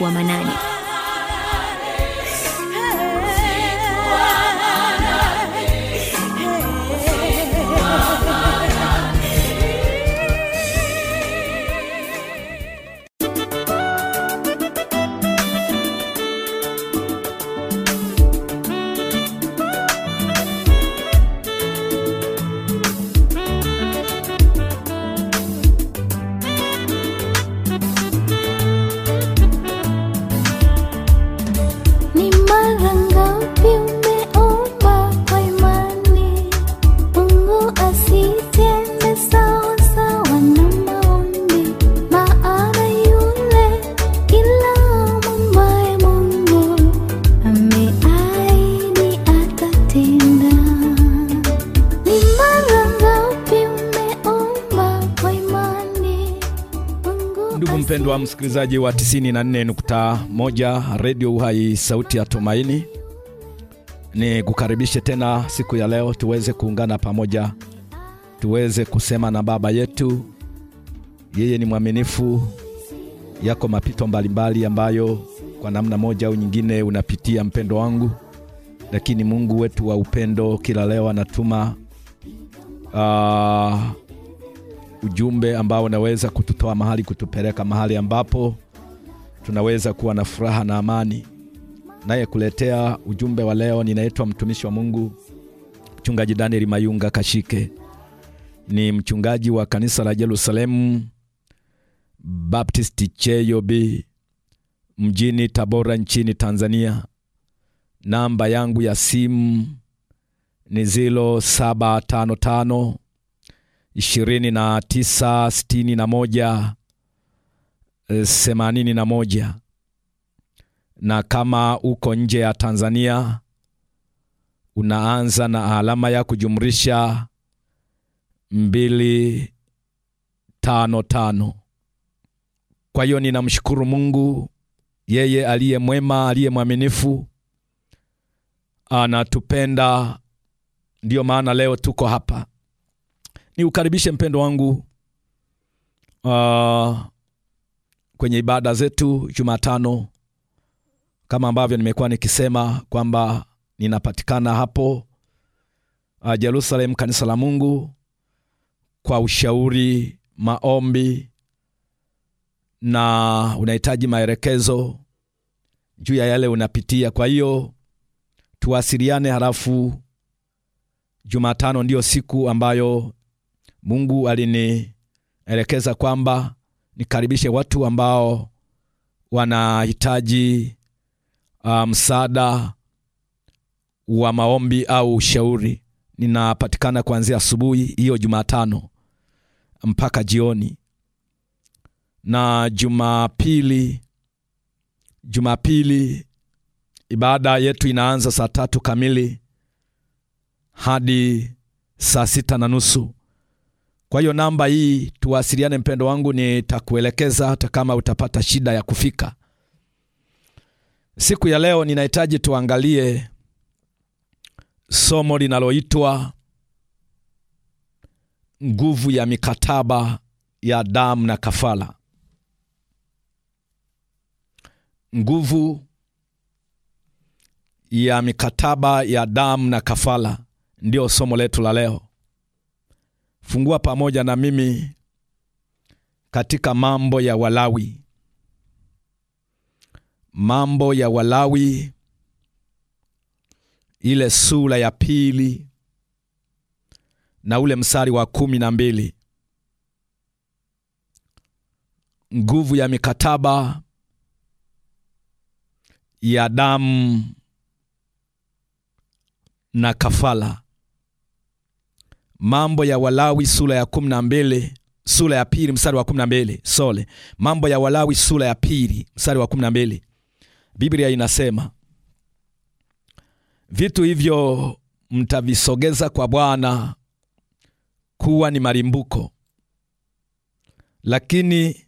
uaminifu wa Manane. msikilizaji wa 94.1 Radio Uhai, sauti ya Tumaini, ni kukaribishe tena siku ya leo tuweze kuungana pamoja, tuweze kusema na Baba yetu. Yeye ni mwaminifu. Yako mapito mbalimbali ambayo kwa namna moja au nyingine unapitia, mpendo wangu, lakini Mungu wetu wa upendo kila leo anatuma uh, ujumbe ambao unaweza kututoa mahali, kutupeleka mahali ambapo tunaweza kuwa na furaha na amani. Naye kuletea ujumbe wa leo, ninaitwa mtumishi wa Mungu Mchungaji Daniel Mayunga Kashike, ni mchungaji wa kanisa la Jerusalemu Baptisti B mjini Tabora nchini Tanzania. Namba yangu ya simu ni zilo 755 ishirini na tisa sitini na moja eh, themanini na moja na kama uko nje ya Tanzania unaanza na alama ya kujumlisha mbili tano tano. Kwa hiyo ninamshukuru Mungu, yeye aliye mwema, aliye mwaminifu, anatupenda. Ndiyo maana leo tuko hapa ni ukaribishe mpendo wangu uh, kwenye ibada zetu Jumatano, kama ambavyo nimekuwa nikisema kwamba ninapatikana hapo uh, Jerusalem, kanisa la Mungu kwa ushauri, maombi na unahitaji maelekezo juu ya yale unapitia. Kwa hiyo tuwasiliane, halafu Jumatano ndiyo siku ambayo Mungu alinielekeza kwamba nikaribishe watu ambao wanahitaji uh, msaada um, wa maombi au ushauri. Ninapatikana kuanzia asubuhi hiyo Jumatano mpaka jioni, na Jumapili Jumapili ibada yetu inaanza saa tatu kamili hadi saa sita na nusu kwa hiyo namba hii tuwasiliane, mpendo wangu, nitakuelekeza hata kama utapata shida ya kufika. Siku ya leo ninahitaji tuangalie somo linaloitwa nguvu ya mikataba ya damu na kafara. Nguvu ya mikataba ya damu na kafara ndiyo somo letu la leo fungua pamoja na mimi katika mambo ya Walawi, mambo ya Walawi ile sura ya pili na ule msari wa kumi na mbili. Nguvu ya mikataba ya damu na kafala. Mambo ya Walawi sura ya kumi na mbili sura ya pili mstari wa kumi na mbili Sole, Mambo ya Walawi sura ya pili mstari wa kumi na mbili Biblia inasema vitu hivyo mtavisogeza kwa Bwana kuwa ni malimbuko, lakini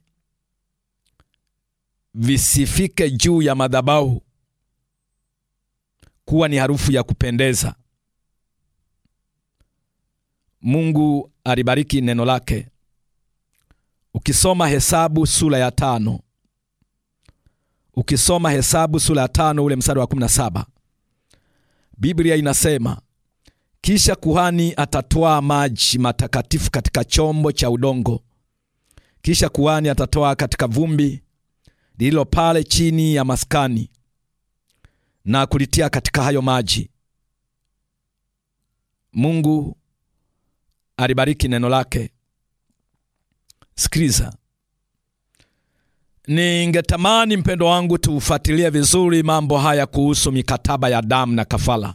visifike juu ya madhabahu kuwa ni harufu ya kupendeza. Mungu alibariki neno lake. Ukisoma Hesabu sura ya tano, ukisoma Hesabu sura ya tano ule msari wa saba Biblia inasema kisha kuhani atatwaa maji matakatifu katika chombo cha udongo, kisha kuhani atatoa katika vumbi lililo pale chini ya maskani na kulitia katika hayo maji. Mungu alibariki neno lake. Sikiliza, ningetamani mpendo wangu tuufuatilie vizuri mambo haya kuhusu mikataba ya damu na kafara,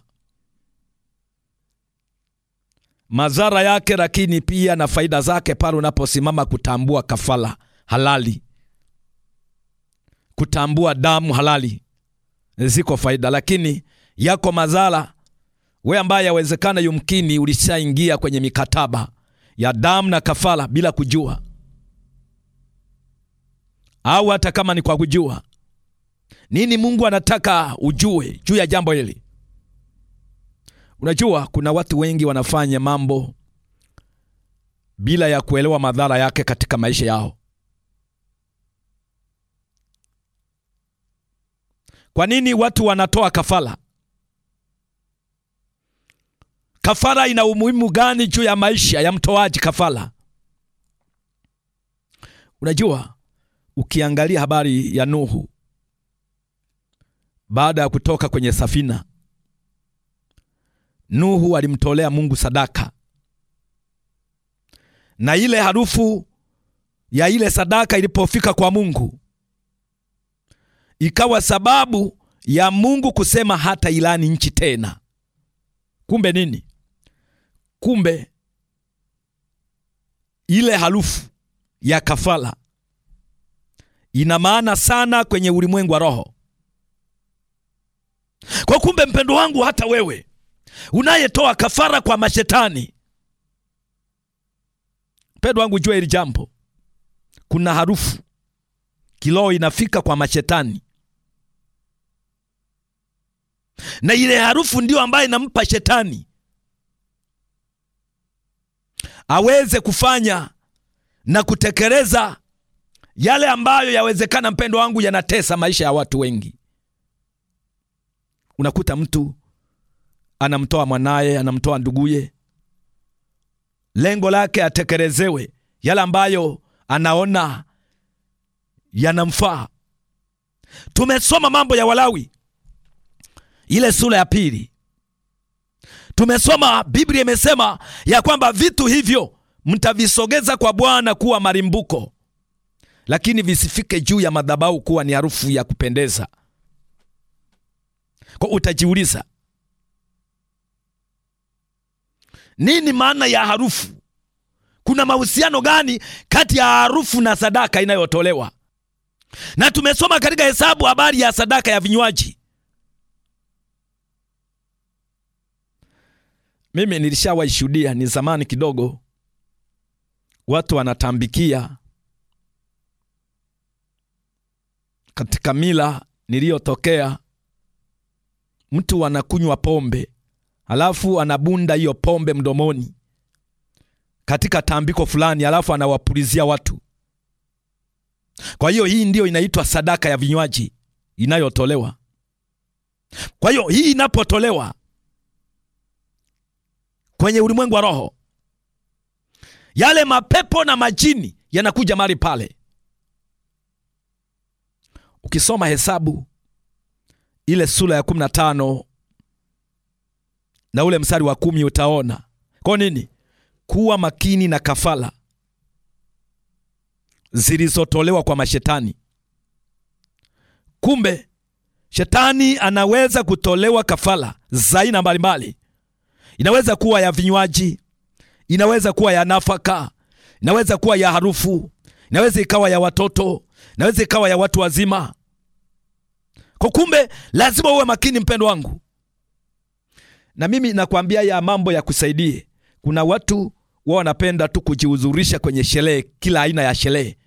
madhara yake, lakini pia na faida zake pale unaposimama kutambua kafara halali, kutambua damu halali. Ziko faida, lakini yako madhara we ambaye yawezekana yumkini ulishaingia kwenye mikataba ya damu na kafara bila kujua, au hata kama ni kwa kujua. Nini Mungu anataka ujue juu ya jambo hili? Unajua, kuna watu wengi wanafanya mambo bila ya kuelewa madhara yake katika maisha yao. Kwa nini watu wanatoa kafara? Kafara ina umuhimu gani juu ya maisha ya mtoaji kafara? Unajua, ukiangalia habari ya Nuhu baada ya kutoka kwenye safina, Nuhu alimtolea Mungu sadaka, na ile harufu ya ile sadaka ilipofika kwa Mungu ikawa sababu ya Mungu kusema hata ilani nchi tena. Kumbe nini? Kumbe ile harufu ya kafara ina maana sana kwenye ulimwengu wa roho. Kwa kumbe, mpendo wangu, hata wewe unayetoa kafara kwa mashetani, mpendo wangu, jua hili jambo, kuna harufu kiloo inafika kwa mashetani, na ile harufu ndiyo ambayo inampa shetani aweze kufanya na kutekeleza yale ambayo yawezekana, mpendo wangu, yanatesa maisha ya watu wengi. Unakuta mtu anamtoa mwanaye, anamtoa nduguye, lengo lake atekelezewe yale ambayo anaona yanamfaa. Tumesoma mambo ya Walawi ile sura ya pili Tumesoma Biblia imesema ya kwamba vitu hivyo mtavisogeza kwa Bwana kuwa malimbuko, lakini visifike juu ya madhabahu kuwa ni harufu ya kupendeza. Kwa utajiuliza nini maana ya harufu? Kuna mahusiano gani kati ya harufu na sadaka inayotolewa? Na tumesoma katika Hesabu habari ya sadaka ya vinywaji Mimi nilishawaishuhudia, ni zamani kidogo, watu wanatambikia katika mila niliyotokea, mtu anakunywa pombe alafu anabunda hiyo pombe mdomoni katika tambiko fulani, alafu anawapulizia watu. Kwa hiyo hii ndiyo inaitwa sadaka ya vinywaji inayotolewa. Kwa hiyo hii inapotolewa kwenye ulimwengu wa roho. Yale mapepo na majini yanakuja mahali pale. Ukisoma Hesabu ile sura ya kumi na tano na ule mstari wa kumi utaona kwa nini kuwa makini na kafala zilizotolewa kwa mashetani. Kumbe shetani anaweza kutolewa kafala za aina mbalimbali Inaweza kuwa ya vinywaji, inaweza kuwa ya nafaka, inaweza kuwa ya harufu, inaweza ikawa ya watoto, inaweza ikawa ya watu wazima. Kwa kumbe, lazima uwe makini mpendo wangu, na mimi nakwambia ya mambo ya kusaidie. Kuna watu wao wanapenda tu kujihuzurisha kwenye sherehe, kila aina ya sherehe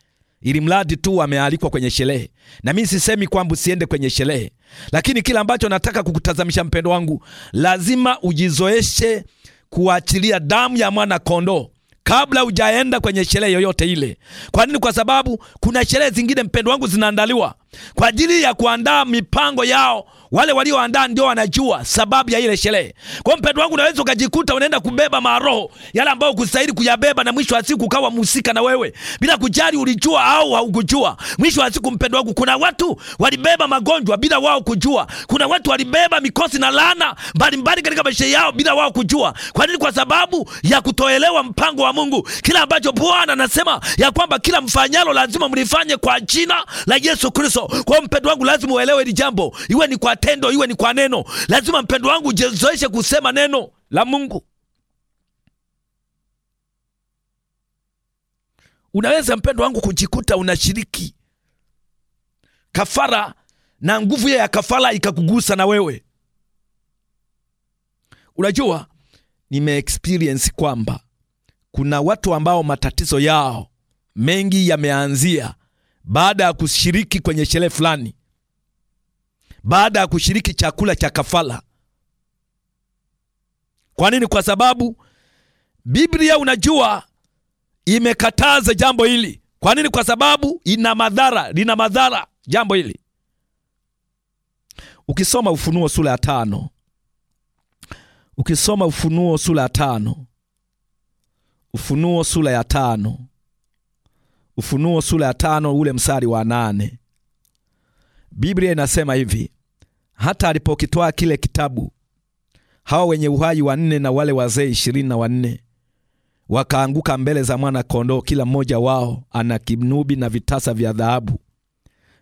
ili mradi tu amealikwa kwenye sherehe. Na mimi sisemi kwamba usiende kwenye sherehe, lakini kila ambacho nataka kukutazamisha mpendo wangu, lazima ujizoeshe kuachilia damu ya mwana kondoo kabla hujaenda kwenye sherehe yoyote ile. Kwa nini? Kwa sababu kuna sherehe zingine mpendo wangu zinaandaliwa kwa ajili ya kuandaa mipango yao. Wale walioandaa ndio wanajua sababu ya ile sherehe. Kwa mpendo wangu, unaweza ukajikuta unaenda kubeba maroho yale ambayo kustahili kuyabeba, na mwisho wa siku ukawa mhusika na wewe, bila kujali ulijua au haukujua. Mwisho wa siku, mpendo wangu, kuna watu walibeba magonjwa bila wao kujua. Kuna watu walibeba mikosi na laana mbalimbali katika maisha yao bila wao kujua. Kwa nini? Kwa sababu ya kutoelewa mpango wa Mungu. Kila ambacho Bwana anasema ya kwamba kila mfanyalo lazima mlifanye kwa jina la Yesu Kristo. Yesu. Kwa mpendo wangu, lazima uelewe hili jambo, iwe ni kwa tendo, iwe ni kwa neno. Lazima mpendo wangu ujizoeshe kusema neno la Mungu. Unaweza mpendo wangu kujikuta unashiriki kafara na nguvu ya kafara ikakugusa na wewe. Unajua, experience kwamba kuna watu ambao matatizo yao mengi yameanzia baada ya kushiriki kwenye sherehe fulani, baada ya kushiriki chakula cha kafara. Kwa nini? Kwa sababu Biblia unajua imekataza jambo hili. Kwa nini? Kwa sababu ina madhara, lina madhara jambo hili. Ukisoma Ufunuo sura ya tano, ukisoma Ufunuo sura ya tano, Ufunuo sura ya tano Ufunuo sura ya tano ule msari wa nane Biblia inasema hivi: hata alipokitwaa kile kitabu, hao wenye uhai wanne na wale wazee ishirini na wanne wakaanguka mbele za mwana kondoo, kila mmoja wao ana kinubi na vitasa vya dhahabu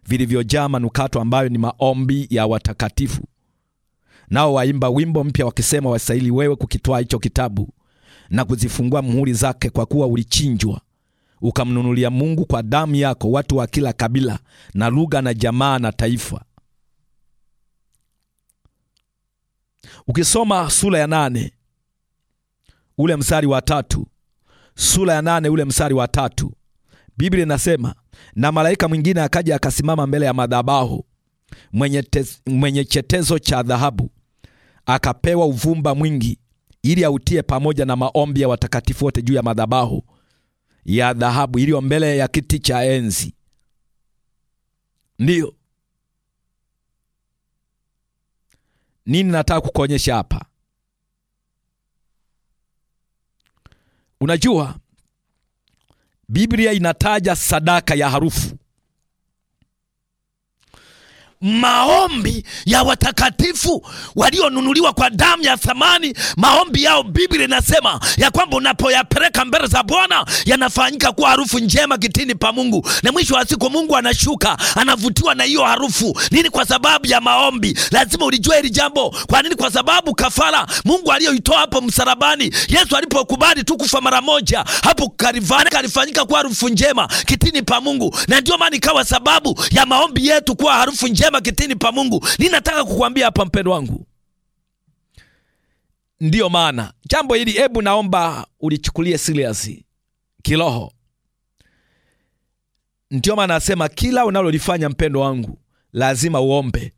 vilivyojaa manukato, ambayo ni maombi ya watakatifu. Nao waimba wimbo mpya wakisema, wastahili wewe kukitwaa hicho kitabu na kuzifungua muhuri zake, kwa kuwa ulichinjwa ukamnunulia Mungu kwa damu yako watu wa kila kabila na lugha na jamaa na taifa. Ukisoma sura ya nane ule mstari wa tatu, sura ya nane ule mstari wa tatu, Biblia inasema na malaika mwingine akaja akasimama mbele ya madhabahu mwenye, mwenye chetezo cha dhahabu akapewa uvumba mwingi ili autie pamoja na maombi ya watakatifu wote juu ya madhabahu ya dhahabu iliyo mbele ya kiti cha enzi. Ndiyo, nini nataka kukuonyesha hapa? Unajua Biblia inataja sadaka ya harufu maombi ya watakatifu walionunuliwa kwa damu ya thamani. Maombi yao Biblia inasema ya kwamba unapoyapeleka mbele za Bwana yanafanyika kuwa harufu njema kitini pa Mungu, na mwisho wa siku Mungu anashuka, anavutiwa na hiyo harufu. Nini? Kwa sababu ya maombi. Lazima ulijua hili jambo. Kwa nini? Kwa sababu kafara Mungu aliyoitoa hapo msalabani, Yesu alipokubali tu kufa mara moja hapo Kalvari, kalifanyika kuwa harufu njema kitini pa Mungu, na ndio maana ikawa sababu ya maombi yetu kuwa harufu njema mema kitini pa Mungu. Ninataka kukwambia hapa mpendo wangu, ndiyo maana jambo hili, hebu naomba ulichukulie serious kiroho. Ndiyo maana nasema kila unalolifanya mpendo wangu, lazima uombe.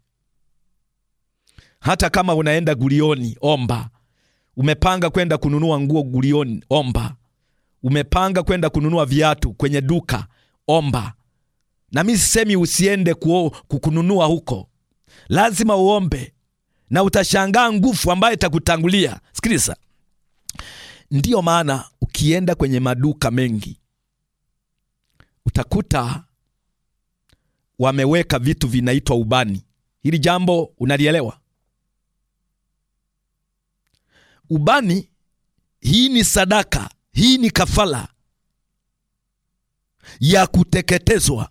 Hata kama unaenda gulioni, omba. Umepanga kwenda kununua nguo gulioni, omba. Umepanga kwenda kununua viatu kwenye duka, omba. Na mi sisemi usiende kuo, kukununua huko, lazima uombe na utashangaa nguvu ambayo itakutangulia. Sikiliza, ndiyo maana ukienda kwenye maduka mengi utakuta wameweka vitu vinaitwa ubani. Hili jambo unalielewa? Ubani hii ni sadaka, hii ni kafara ya kuteketezwa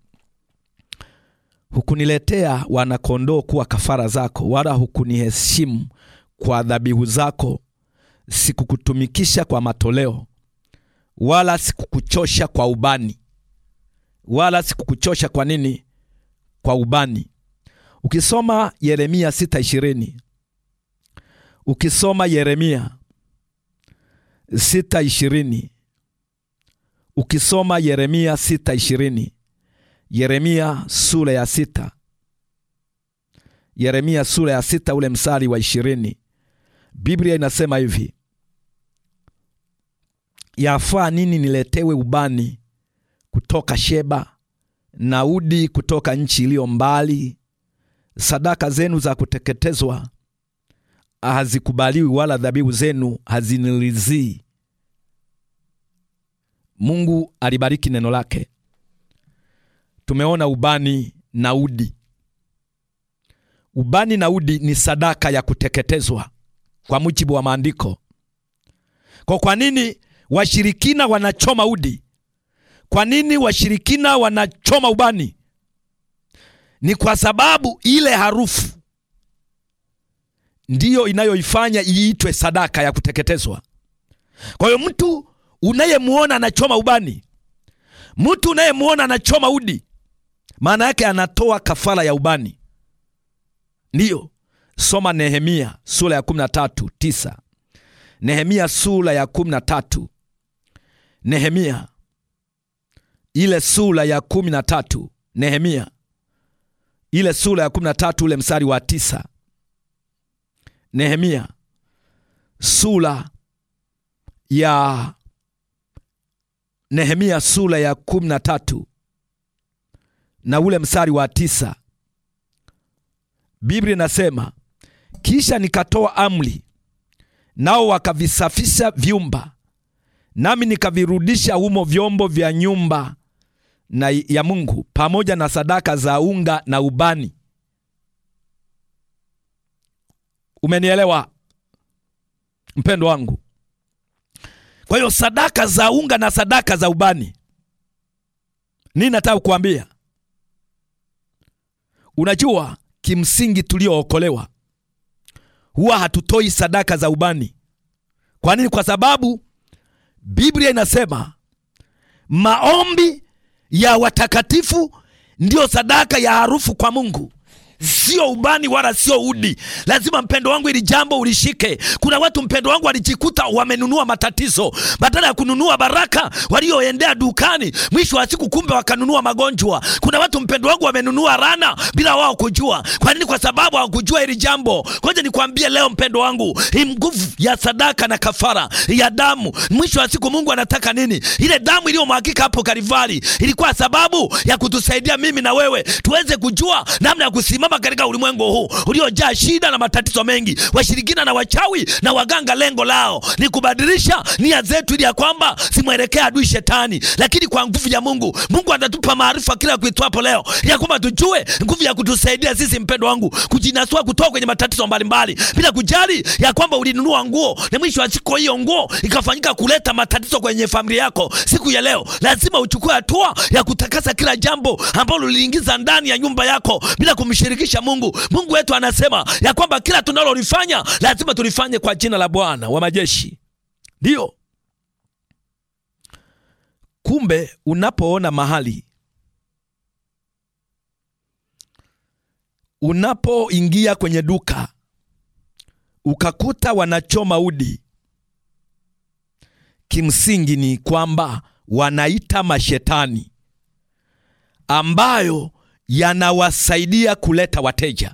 Hukuniletea wanakondoo kuwa kafara zako, wala hukuniheshimu kwa dhabihu zako. Sikukutumikisha kwa matoleo, wala sikukuchosha kwa ubani, wala sikukuchosha kwa nini? Kwa ubani. Ukisoma Yeremia 6:20, ukisoma Yeremia 6:20, ukisoma Yeremia 6:20 Yeremia sura ya sita. Yeremia sura ya sita ule msali wa ishirini. Biblia inasema hivi: yafaa nini niletewe ubani kutoka Sheba na udi kutoka nchi iliyo mbali? Sadaka zenu za kuteketezwa hazikubaliwi, wala dhabihu zenu hazinilizii. Mungu alibariki neno lake tumeona ubani na udi. Ubani na udi ni sadaka ya kuteketezwa kwa mujibu wa maandiko. Kwa kwa nini washirikina wanachoma udi? Kwa nini washirikina wanachoma ubani? Ni kwa sababu ile harufu ndiyo inayoifanya iitwe sadaka ya kuteketezwa. Kwa hiyo mtu unayemwona anachoma ubani, mtu unayemwona anachoma udi, maana yake anatoa kafara ya ubani. Ndiyo, soma Nehemia sura ya 13 tisa. Nehemia sura ya 13, Nehemia ile sura ya 13, Nehemia ile sura ya 13 ule msari wa tisa. Nehemia sura ya Nehemia sura ya tatu na ule mstari wa tisa, Biblia inasema kisha nikatoa amri, nao wakavisafisha vyumba, nami nikavirudisha humo vyombo vya nyumba na ya Mungu pamoja na sadaka za unga na ubani. Umenielewa mpendo wangu? Kwa hiyo sadaka za unga na sadaka za ubani, nini nataka kukuambia? Unajua, kimsingi tuliookolewa huwa hatutoi sadaka za ubani. Kwa nini? Kwa sababu Biblia inasema maombi ya watakatifu ndiyo sadaka ya harufu kwa Mungu sio ubani wala sio udi. Lazima mpendo wangu, ili jambo ulishike. Kuna watu mpendo wangu walijikuta wamenunua matatizo badala ya kununua baraka, walioendea dukani, mwisho wa siku kumbe wakanunua magonjwa. Kuna watu mpendo wangu wamenunua rana bila wao kujua. Kwa nini? Kwa sababu hawakujua hili jambo. Ngoja nikwambie leo mpendo wangu, hii nguvu ya sadaka na kafara ya damu, mwisho wa siku Mungu anataka nini? Ile damu iliyomwagika hapo Kalivari ilikuwa sababu ya kutusaidia mimi na wewe tuweze kujua namna ya kusimama kama katika ulimwengu huu uliojaa shida na matatizo mengi, washirikina na wachawi na waganga, lengo lao ni kubadilisha nia zetu, ili ya kwamba simwelekea adui Shetani. Lakini kwa nguvu ya Mungu, Mungu atatupa maarifa kila kuitwapo leo, ya kwamba tujue nguvu ya kutusaidia sisi, mpendo wangu, kujinasua kutoka kwenye matatizo mbalimbali, bila kujali ya kwamba ulinunua nguo na mwisho wa siku hiyo nguo ikafanyika kuleta matatizo kwenye familia yako. Siku ya leo lazima uchukue hatua ya kutakasa kila jambo ambalo liliingiza ndani ya nyumba yako bila kumshiriki kumshirikisha Mungu. Mungu wetu anasema ya kwamba kila tunalolifanya lazima tulifanye kwa jina la Bwana wa majeshi. Ndiyo, kumbe unapoona mahali unapoingia kwenye duka ukakuta wanachoma udi, kimsingi ni kwamba wanaita mashetani ambayo yanawasaidia kuleta wateja.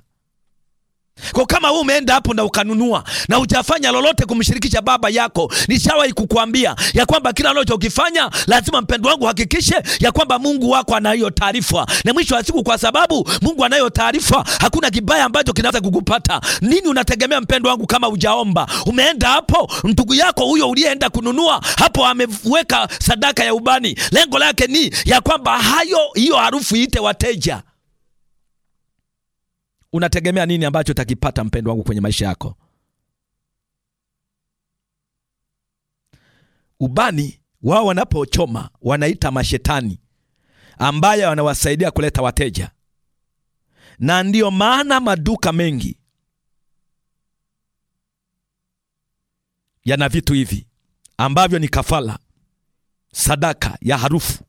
Kwa kama wewe umeenda hapo na ukanunua na hujafanya lolote kumshirikisha baba yako, nishawahi kukuambia ya kwamba kila unachokifanya lazima, mpendo wangu, hakikishe ya kwamba Mungu wako anayo taarifa, na mwisho wa siku, kwa sababu Mungu anayo taarifa, hakuna kibaya ambacho kinaweza kukupata. Nini unategemea, mpendo wangu, kama ujaomba? Umeenda hapo, ndugu yako huyo uliyeenda kununua hapo ameweka sadaka ya ubani, lengo lake ni ya kwamba hayo hiyo harufu iite wateja unategemea nini ambacho utakipata mpendo wangu kwenye maisha yako? Ubani wao wanapochoma wanaita mashetani ambaye wanawasaidia kuleta wateja, na ndiyo maana maduka mengi yana vitu hivi ambavyo ni kafala, sadaka ya harufu,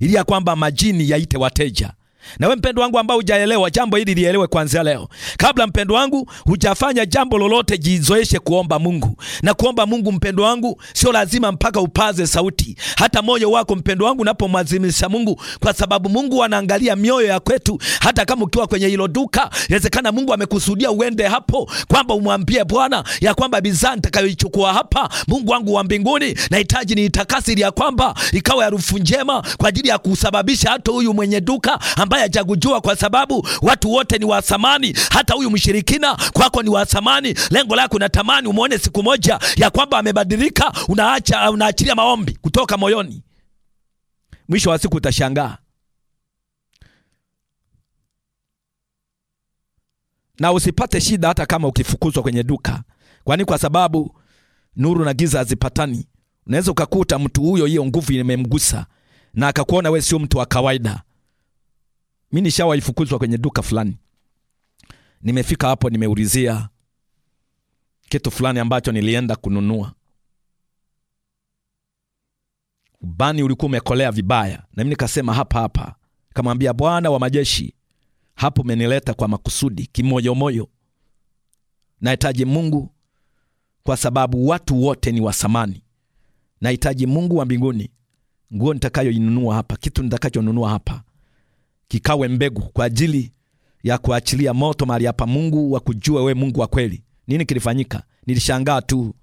ili ya kwamba majini yaite wateja na we mpendo wangu ambao hujaelewa jambo hili, lielewe kuanzia leo. Kabla mpendo wangu hujafanya jambo lolote, jizoeshe kuomba Mungu. Na kuomba Mungu, mpendo wangu, sio lazima mpaka upaze sauti. Hata moyo wako mpendo wangu unapomwazimisha Mungu, kwa sababu Mungu anaangalia mioyo ya kwetu. Hata kama ukiwa kwenye hilo duka, inawezekana Mungu amekusudia uende hapo, kwamba umwambie Bwana ya kwamba bidhaa nitakayoichukua hapa, Mungu wangu wa mbinguni, nahitaji niitakasi, ya kwamba ikawa harufu njema kwa ajili ya kusababisha hata huyu mwenye duka ambaye hajakujua, kwa sababu watu wote ni wa thamani. Hata huyu mshirikina kwako ni wa thamani. Lengo lako unatamani umwone siku moja ya kwamba amebadilika, unaacha unaachilia maombi kutoka moyoni. Mwisho wa siku utashangaa na usipate shida hata kama ukifukuzwa kwenye duka, kwani kwa sababu nuru na giza hazipatani. Unaweza ukakuta mtu huyo hiyo nguvu imemgusa na akakuona wewe sio mtu wa kawaida, mi nishawaifukuzwa kwenye duka fulani, nimefika hapo, nimeulizia kitu fulani ambacho nilienda kununua, ubani ulikuwa umekolea vibaya, nami nikasema hapa hapa, kamwambia Bwana wa majeshi, hapo umenileta kwa makusudi, kimoyomoyo nahitaji Mungu kwa sababu watu wote ni wasamani. Nahitaji Mungu wa mbinguni, nguo nitakayoinunua hapa, kitu nitakachonunua hapa kikawe mbegu kwa ajili ya kuachilia moto mahali hapa, Mungu wa kujua we Mungu wa kweli. Nini kilifanyika? Nilishangaa tu,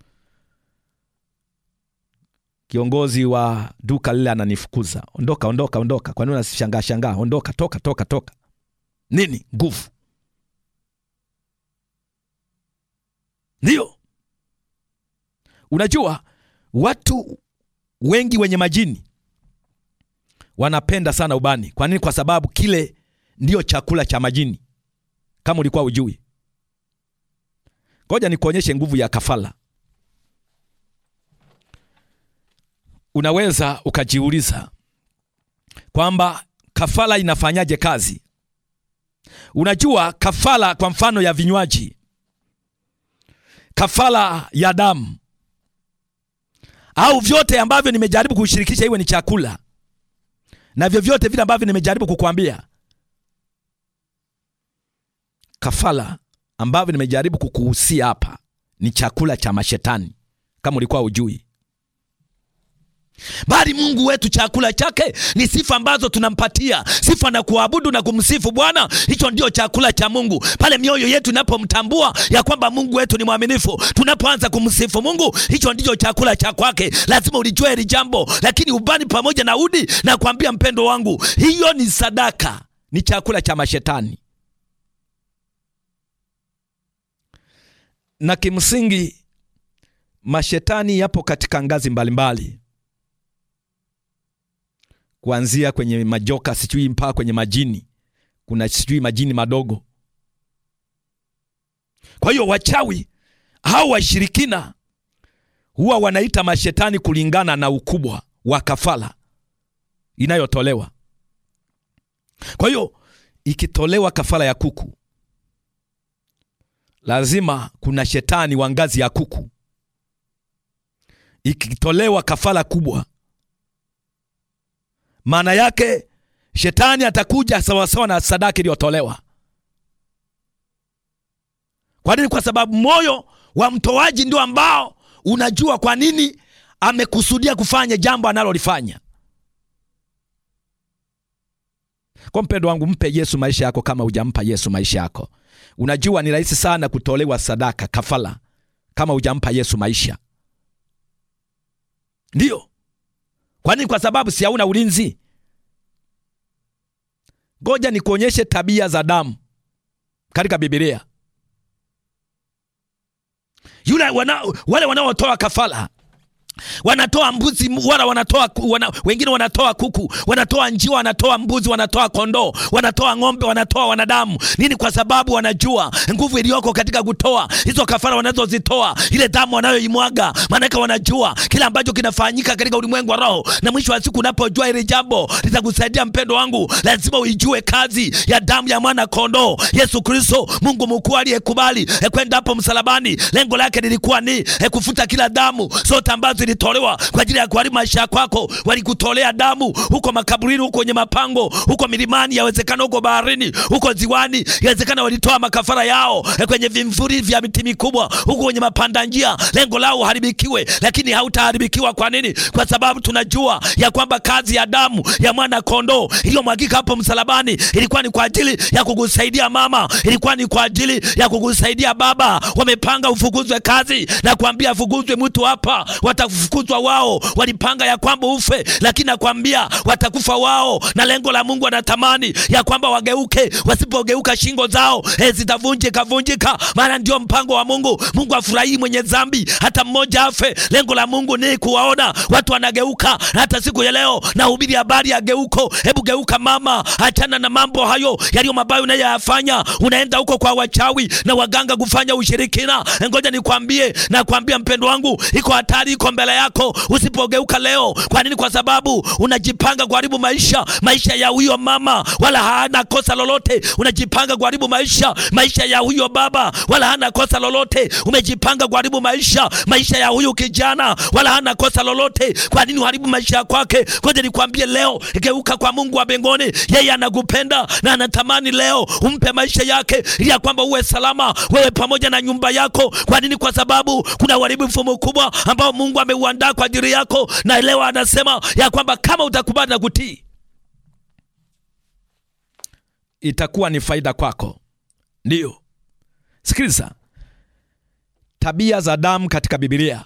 kiongozi wa duka lile ananifukuza, ondoka, ondoka, ondoka. Kwa nini unashangaa shangaa? Ondoka, toka, toka, toka. Nini? Nguvu ndio Unajua watu wengi wenye majini wanapenda sana ubani. Kwa nini? Kwa sababu kile ndiyo chakula cha majini, kama ulikuwa ujui. Ngoja nikuonyeshe nguvu ya kafala Unaweza ukajiuliza kwamba kafala inafanyaje kazi? Unajua kafala kwa mfano ya vinywaji, kafala ya damu, au vyote ambavyo nimejaribu kushirikisha iwe ni chakula na vyovyote vile ambavyo nimejaribu kukuambia, kafara ambavyo nimejaribu kukuhusia hapa ni chakula cha mashetani, kama ulikuwa ujui bali Mungu wetu chakula chake ni sifa ambazo tunampatia sifa na kuabudu na kumsifu Bwana. Hicho ndio chakula cha Mungu. Pale mioyo yetu inapomtambua ya kwamba Mungu wetu ni mwaminifu, tunapoanza kumsifu Mungu, hicho ndicho chakula cha kwake. Lazima ulijua hili jambo, lakini ubani pamoja na udi na kuambia mpendo wangu, hiyo ni sadaka, ni chakula cha mashetani, na kimsingi mashetani yapo katika ngazi mbalimbali mbali kuanzia kwenye majoka sijui mpaka kwenye majini, kuna sijui majini madogo. Kwa hiyo wachawi hao washirikina huwa wanaita mashetani kulingana na ukubwa wa kafara inayotolewa. Kwa hiyo ikitolewa kafara ya kuku, lazima kuna shetani wa ngazi ya kuku. Ikitolewa kafara kubwa, maana yake shetani atakuja sawasawa na sadaka iliyotolewa. Kwa nini? Kwa sababu moyo wa mtoaji ndio ambao unajua kwa nini amekusudia kufanya jambo analolifanya. Kwa mpendo wangu, mpe Yesu maisha yako. Kama hujampa Yesu maisha yako, unajua ni rahisi sana kutolewa sadaka kafala kama hujampa Yesu maisha. Ndiyo kwa nini? Kwa sababu si hauna ulinzi. Ngoja nikuonyeshe tabia za damu katika Biblia, yule wana, wale wanaotoa kafara wanatoa mbuzi wala wanatoa wana, wengine wanatoa kuku, wanatoa njiwa, wanatoa mbuzi, wanatoa kondoo, wanatoa ng'ombe, wanatoa wanadamu. Nini? Kwa sababu wanajua nguvu iliyoko katika kutoa hizo kafara wanazozitoa, ile damu wanayoimwaga, maanake wanajua kila ambacho kinafanyika katika ulimwengu wa roho. Na mwisho wa siku, unapojua ile jambo litakusaidia mpendo wangu, lazima uijue kazi ya damu ya mwana kondoo Yesu Kristo, Mungu mkuu aliyekubali eh, kwenda hapo msalabani. Lengo lake lilikuwa ni eh, kufuta kila damu zote ambazo zilitolewa kwa ajili ya kuharibu maisha kwako. Walikutolea damu huko makaburini, huko kwenye mapango, huko milimani, yawezekana huko baharini, huko ziwani, yawezekana walitoa makafara yao eh, kwenye vimvuri vya miti mikubwa, huko kwenye mapanda njia, lengo lao uharibikiwe, lakini hautaharibikiwa. Kwa nini? Kwa sababu tunajua ya kwamba kazi ya damu ya mwana kondoo iliyomwagika hapo msalabani ilikuwa ni kwa ajili ya kukusaidia mama, ilikuwa ni kwa ajili ya kukusaidia baba. Wamepanga ufukuzwe kazi na kuambia fukuzwe mtu hapa wata watafukuzwa wao. Walipanga ya kwamba ufe, lakini nakwambia watakufa wao, na lengo la Mungu anatamani ya kwamba wageuke. Wasipogeuka shingo zao e, zitavunjika vunjika, maana ndio mpango wa Mungu. Mungu afurahi mwenye dhambi, hata mmoja afe. Lengo la Mungu ni kuwaona watu wanageuka, na hata siku ya leo nahubiri habari ya geuko. Hebu geuka mama, achana na mambo hayo yaliyo mabaya unayoyafanya. Unaenda huko kwa wachawi na waganga kufanya ushirikina. Ngoja nikwambie, nakwambia mpendo wangu, iko hatari, iko mbele yako usipogeuka leo. Kwa nini? Kwa sababu unajipanga kuharibu maisha, maisha ya huyo mama, wala hana kosa lolote. Unajipanga kuharibu maisha, maisha ya huyo baba, wala hana kosa lolote. Umejipanga kuharibu maisha, maisha ya huyo kijana, wala hana kosa lolote. Kwa nini uharibu maisha kwake? Ngoja nikwambie leo, geuka kwa Mungu wa mbinguni. Yeye anakupenda na anatamani leo umpe maisha yake, ili ya kwamba uwe salama, wewe pamoja na nyumba yako. Kwa nini? Kwa sababu kuna uharibifu mkubwa ambao Mungu ameuandaa kwa ajili yako, na leo anasema ya kwamba kama utakubali na kutii itakuwa ni faida kwako. Ndiyo, sikiliza, tabia za damu katika Biblia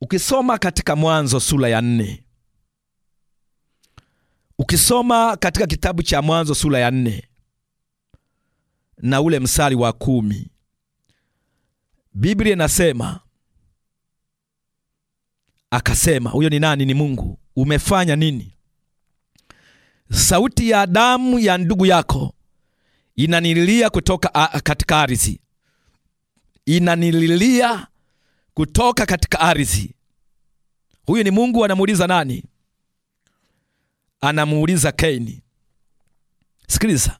ukisoma katika Mwanzo sura ya nne ukisoma katika kitabu cha Mwanzo sura ya nne na ule msari wa kumi Biblia inasema akasema, huyo ni nani? Ni Mungu. Umefanya nini? Sauti ya damu ya ndugu yako inanililia kutoka katika ardhi, inanililia kutoka katika ardhi. Huyu ni Mungu anamuuliza nani? Anamuuliza Kaini. Sikiliza,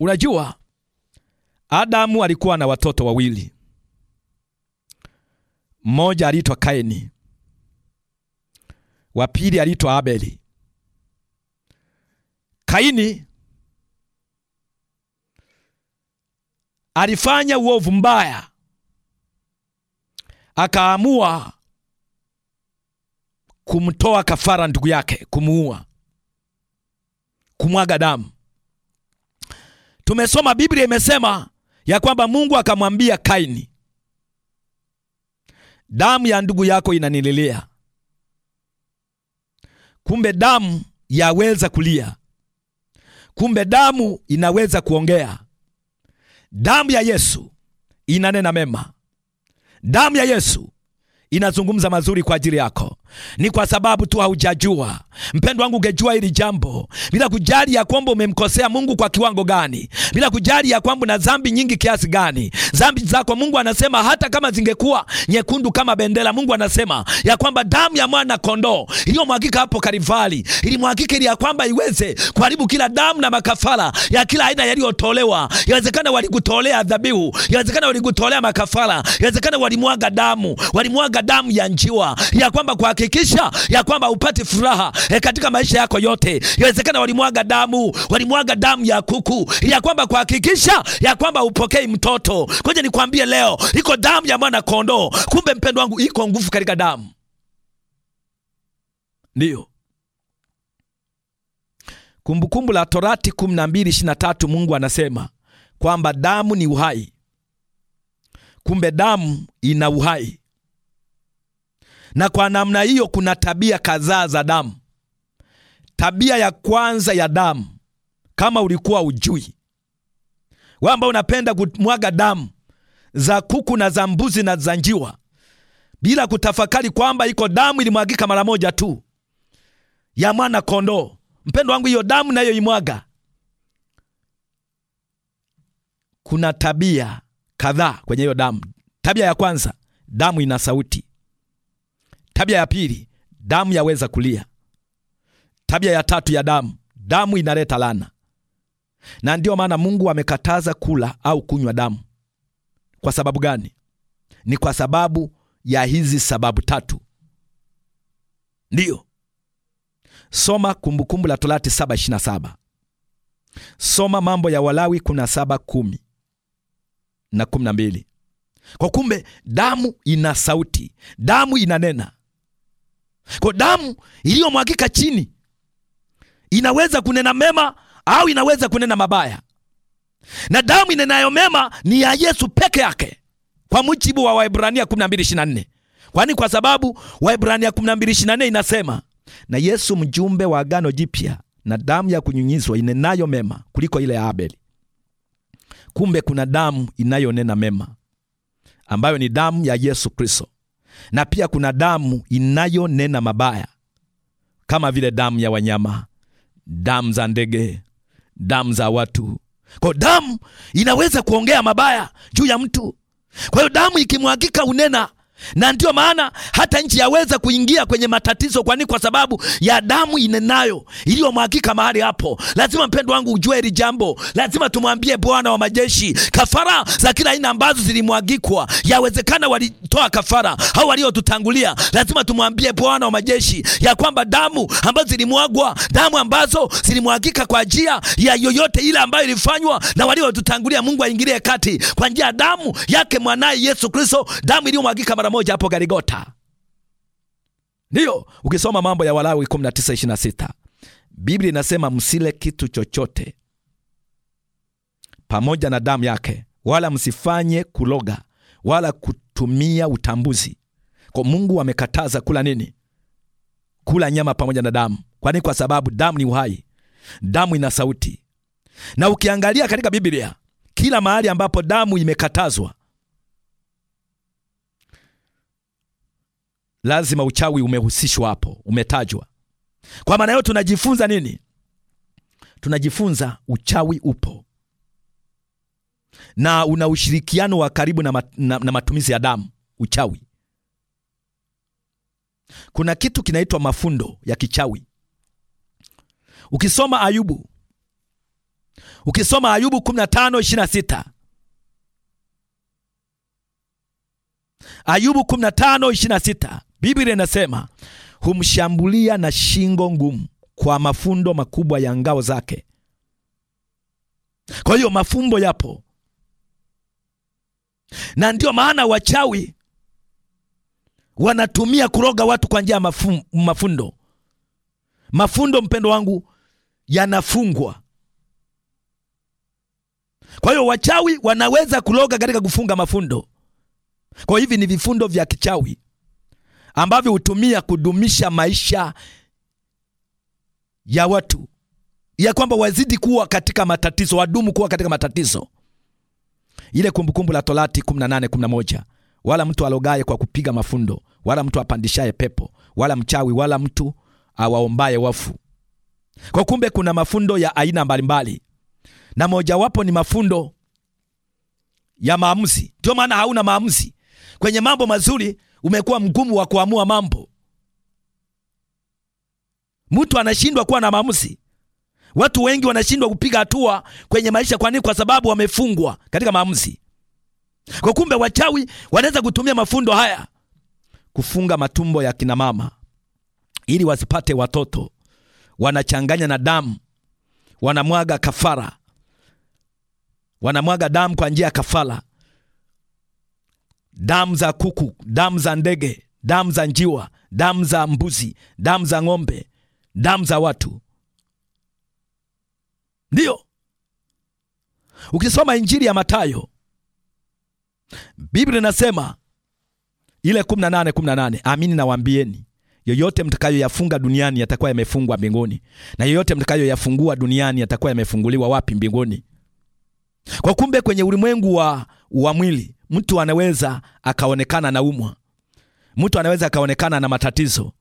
unajua Adamu alikuwa na watoto wawili, mmoja aliitwa Kaini, wa pili aliitwa Abeli. Kaini alifanya uovu mbaya, akaamua kumtoa kafara ndugu yake, kumuua, kumwaga damu. Tumesoma Biblia imesema ya kwamba Mungu akamwambia Kaini, damu ya ndugu yako inanililia. Kumbe damu yaweza kulia, kumbe damu inaweza kuongea. Damu ya Yesu inanena mema, damu ya Yesu inazungumza mazuri kwa ajili yako ni kwa sababu tu haujajua. Mpendo wangu, ungejua hili jambo, bila kujali ya kwamba umemkosea Mungu kwa kiwango gani, bila kujali ya kwamba na dhambi nyingi kiasi gani, dhambi zako Mungu anasema hata kama zingekuwa nyekundu kama bendera, Mungu anasema ya kwamba damu ya mwana kondoo iliyomwagika hapo Kalivari ilimwagika ili ya kwamba iweze kuharibu kila damu na makafara ya kila aina yaliyotolewa. Yawezekana walikutolea dhabihu, yawezekana walikutolea makafara, yawezekana walimwaga damu, walimwaga damu ya njiwa ya kwamba kwa kuhakikisha ya kwamba upate furaha e, katika maisha yako yote. Inawezekana walimwaga damu, walimwaga damu ya kuku ya kwamba kuhakikisha ya kwamba upokei mtoto. Ngoja nikwambie leo, iko damu ya mwana kondoo. Kumbe mpendo wangu, iko nguvu katika damu. Ndiyo Kumbukumbu la Torati 12:23 Mungu anasema kwamba damu ni uhai. Kumbe damu ina uhai na kwa namna hiyo kuna tabia kadhaa za damu. Tabia ya kwanza ya damu, kama ulikuwa ujui, wewe ambao unapenda kumwaga damu za kuku na za mbuzi na za njiwa bila kutafakari kwamba iko damu ilimwagika mara moja tu ya mwana kondoo. Mpendo wangu, hiyo damu imwaga kuna tabia kadhaa kwenye hiyo damu. Tabia ya kwanza, damu ina sauti. Tabia ya pili, damu yaweza kulia. Tabia ya tatu ya damu, damu inaleta laana, na ndiyo maana Mungu amekataza kula au kunywa damu. Kwa sababu gani? Ni kwa sababu ya hizi sababu tatu. Ndiyo, soma Kumbukumbu la Torati 7:27, soma Mambo ya Walawi kuna 7:10 na 12. Kwa kumbe damu ina sauti, damu inanena. Kwa damu iliyomwagika chini inaweza kunena mema au inaweza kunena mabaya, na damu inenayo mema ni ya Yesu peke yake, kwa mujibu wa Waebrania 12:24 kwani kwa sababu Waebrania 12:24 inasema, na Yesu mjumbe wa agano jipya na damu ya kunyunyizwa inenayo mema kuliko ile ya Abeli. Kumbe kuna damu inayonena mema ambayo ni damu ya Yesu Kristo na pia kuna damu inayonena mabaya kama vile damu ya wanyama, damu za ndege, damu za watu. Kwa damu inaweza kuongea mabaya juu ya mtu. Kwa hiyo damu ikimwagika unena na ndio maana hata nchi yaweza kuingia kwenye matatizo. Kwani kwa sababu ya damu inenayo iliyomwagika mahali hapo. Lazima mpendo wangu ujue hili jambo, lazima tumwambie Bwana wa majeshi, kafara za kila aina ambazo zilimwagikwa, yawezekana walitoa kafara au waliotutangulia. Lazima tumwambie Bwana wa majeshi ya kwamba damu ambazo zilimwagwa, damu ambazo zilimwagika kwa njia ya yoyote ile ambayo ilifanywa na waliotutangulia, Mungu aingilie kati kwa njia ya damu yake mwanaye Yesu Kristo, damu iliyomwagika mara moja hapo Galigota. Ndiyo, ukisoma mambo ya Walawi 19:26 Biblia inasema msile kitu chochote pamoja na damu yake, wala msifanye kuloga wala kutumia utambuzi. Kwa Mungu amekataza kula nini? Kula nyama pamoja na damu. nini? kwa sababu damu ni uhai, damu ina sauti. Na ukiangalia katika Biblia, kila mahali ambapo damu imekatazwa lazima uchawi umehusishwa hapo, umetajwa. Kwa maana hiyo tunajifunza nini? Tunajifunza uchawi upo na una ushirikiano wa karibu na, mat, na, na matumizi ya damu. Uchawi, kuna kitu kinaitwa mafundo ya kichawi. Ukisoma Ayubu, ukisoma Ayubu 15:26 Ayubu 15:26 Biblia inasema humshambulia na shingo ngumu kwa mafundo makubwa ya ngao zake. Kwa hiyo mafumbo yapo, na ndiyo maana wachawi wanatumia kuroga watu kwa njia ya mafum, mafundo. Mafundo, mpendo wangu, yanafungwa. Kwa hiyo wachawi wanaweza kuroga katika kufunga mafundo. Kwa hivi ni vifundo vya kichawi ambavyo hutumia kudumisha maisha ya watu, ya kwamba wazidi kuwa katika matatizo, wadumu kuwa katika matatizo. Ile Kumbukumbu la Torati 18:11, wala mtu alogaye kwa kupiga mafundo, wala mtu apandishaye pepo, wala mchawi, wala mtu awaombaye wafu. Kwa kumbe, kuna mafundo ya aina mbalimbali, na mojawapo ni mafundo ya maamuzi. Ndio maana hauna maamuzi kwenye mambo mazuri umekuwa mgumu wa kuamua mambo. Mtu anashindwa kuwa na maamuzi. Watu wengi wanashindwa kupiga hatua kwenye maisha. Kwa nini? Kwa sababu wamefungwa katika maamuzi. Kwa kumbe, wachawi wanaweza kutumia mafundo haya kufunga matumbo ya kina mama ili wasipate watoto. Wanachanganya na damu, wanamwaga kafara, wanamwaga damu kwa njia ya kafara damu za kuku, damu za ndege, damu za njiwa, damu za mbuzi, damu za ng'ombe, damu za watu. Ndiyo, ukisoma Injili ya matayo Biblia inasema ile 18 18, amini nawaambieni yoyote mtakayoyafunga duniani yatakuwa yamefungwa mbinguni, na yoyote mtakayoyafungua duniani yatakuwa yamefunguliwa wapi? Mbinguni. Kwa kumbe, kwenye ulimwengu wa, wa mwili Mtu anaweza akaonekana na umwa, mtu anaweza akaonekana na matatizo,